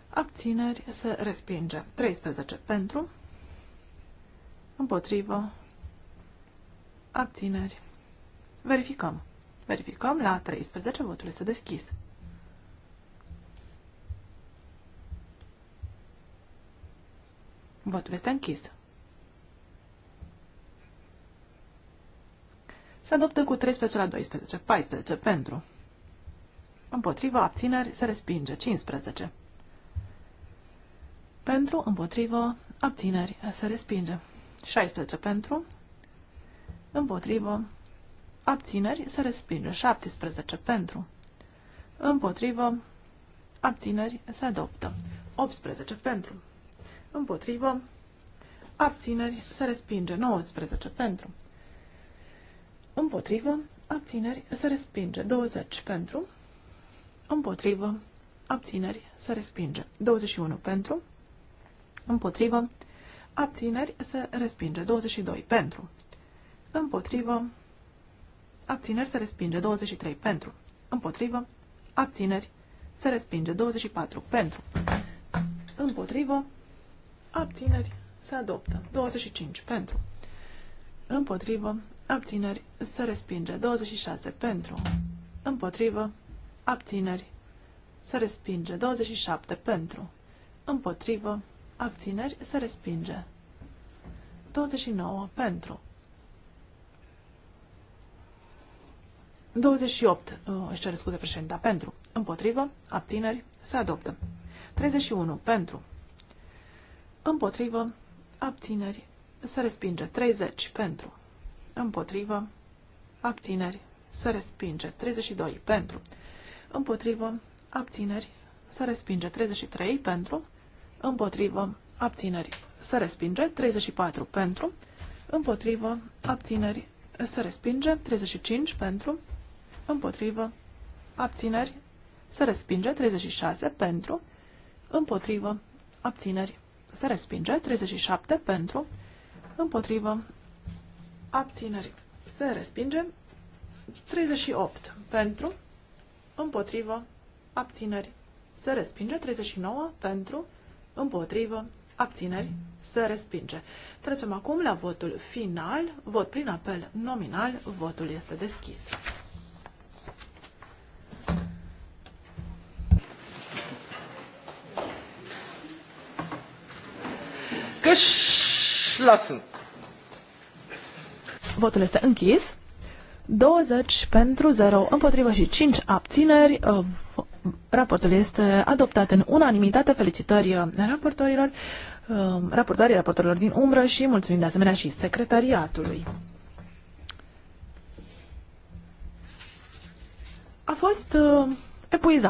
abțineri, se respinge. 13 pentru, împotrivă, abțineri. Verificăm. Verificăm la 13, votul este deschis. Votul este închis. Se adoptă cu 13 la 12, 14 pentru împotrivă, abțineri, se respinge. 15. Pentru, împotrivă, abțineri, se respinge. 16. Pentru, împotrivă, abțineri, se respinge. 17. Pentru, împotrivă, abțineri, se adoptă. 18. Pentru, împotrivă, abțineri, se respinge. 19. Pentru, împotrivă, abțineri, se respinge. 20. Pentru, împotrivă, abțineri, se respinge. 21 pentru, împotrivă, abțineri, se respinge. 22 pentru, împotrivă, abțineri, se respinge. 23 pentru, împotrivă, abțineri, se respinge. 24 pentru, împotrivă, abțineri, se adoptă. 25 pentru, împotrivă, abțineri, se respinge. 26 pentru, împotrivă, abțineri, se respinge. 27 pentru, împotrivă, abțineri, se respinge. 29 pentru. 28, uh, își cer scuze președinte, pentru, împotrivă, abțineri, se adoptă. 31 pentru, împotrivă, abțineri, se respinge. 30 pentru, împotrivă, abțineri, se respinge. 32 pentru, împotrivă, abțineri, se respinge. 33 pentru, împotrivă, abțineri, se respinge. 34 pentru, împotrivă, abțineri, se respinge. 35 pentru, împotrivă, abțineri, se respinge. 36 pentru, împotrivă, abțineri, se respinge. 37 pentru, împotrivă, abțineri, se respinge. 38 pentru, împotrivă, abțineri, se respinge. 39 pentru, împotrivă, abțineri, se respinge. Trecem acum la votul final, vot prin apel nominal, votul este deschis. geschlossen. Votul este închis. 20 pentru 0 împotrivă și 5 abțineri. Uh, raportul este adoptat în unanimitate. Felicitări uh, raportorilor, uh, raportarii raportorilor din umbră și mulțumim de asemenea și secretariatului. A fost epuizat.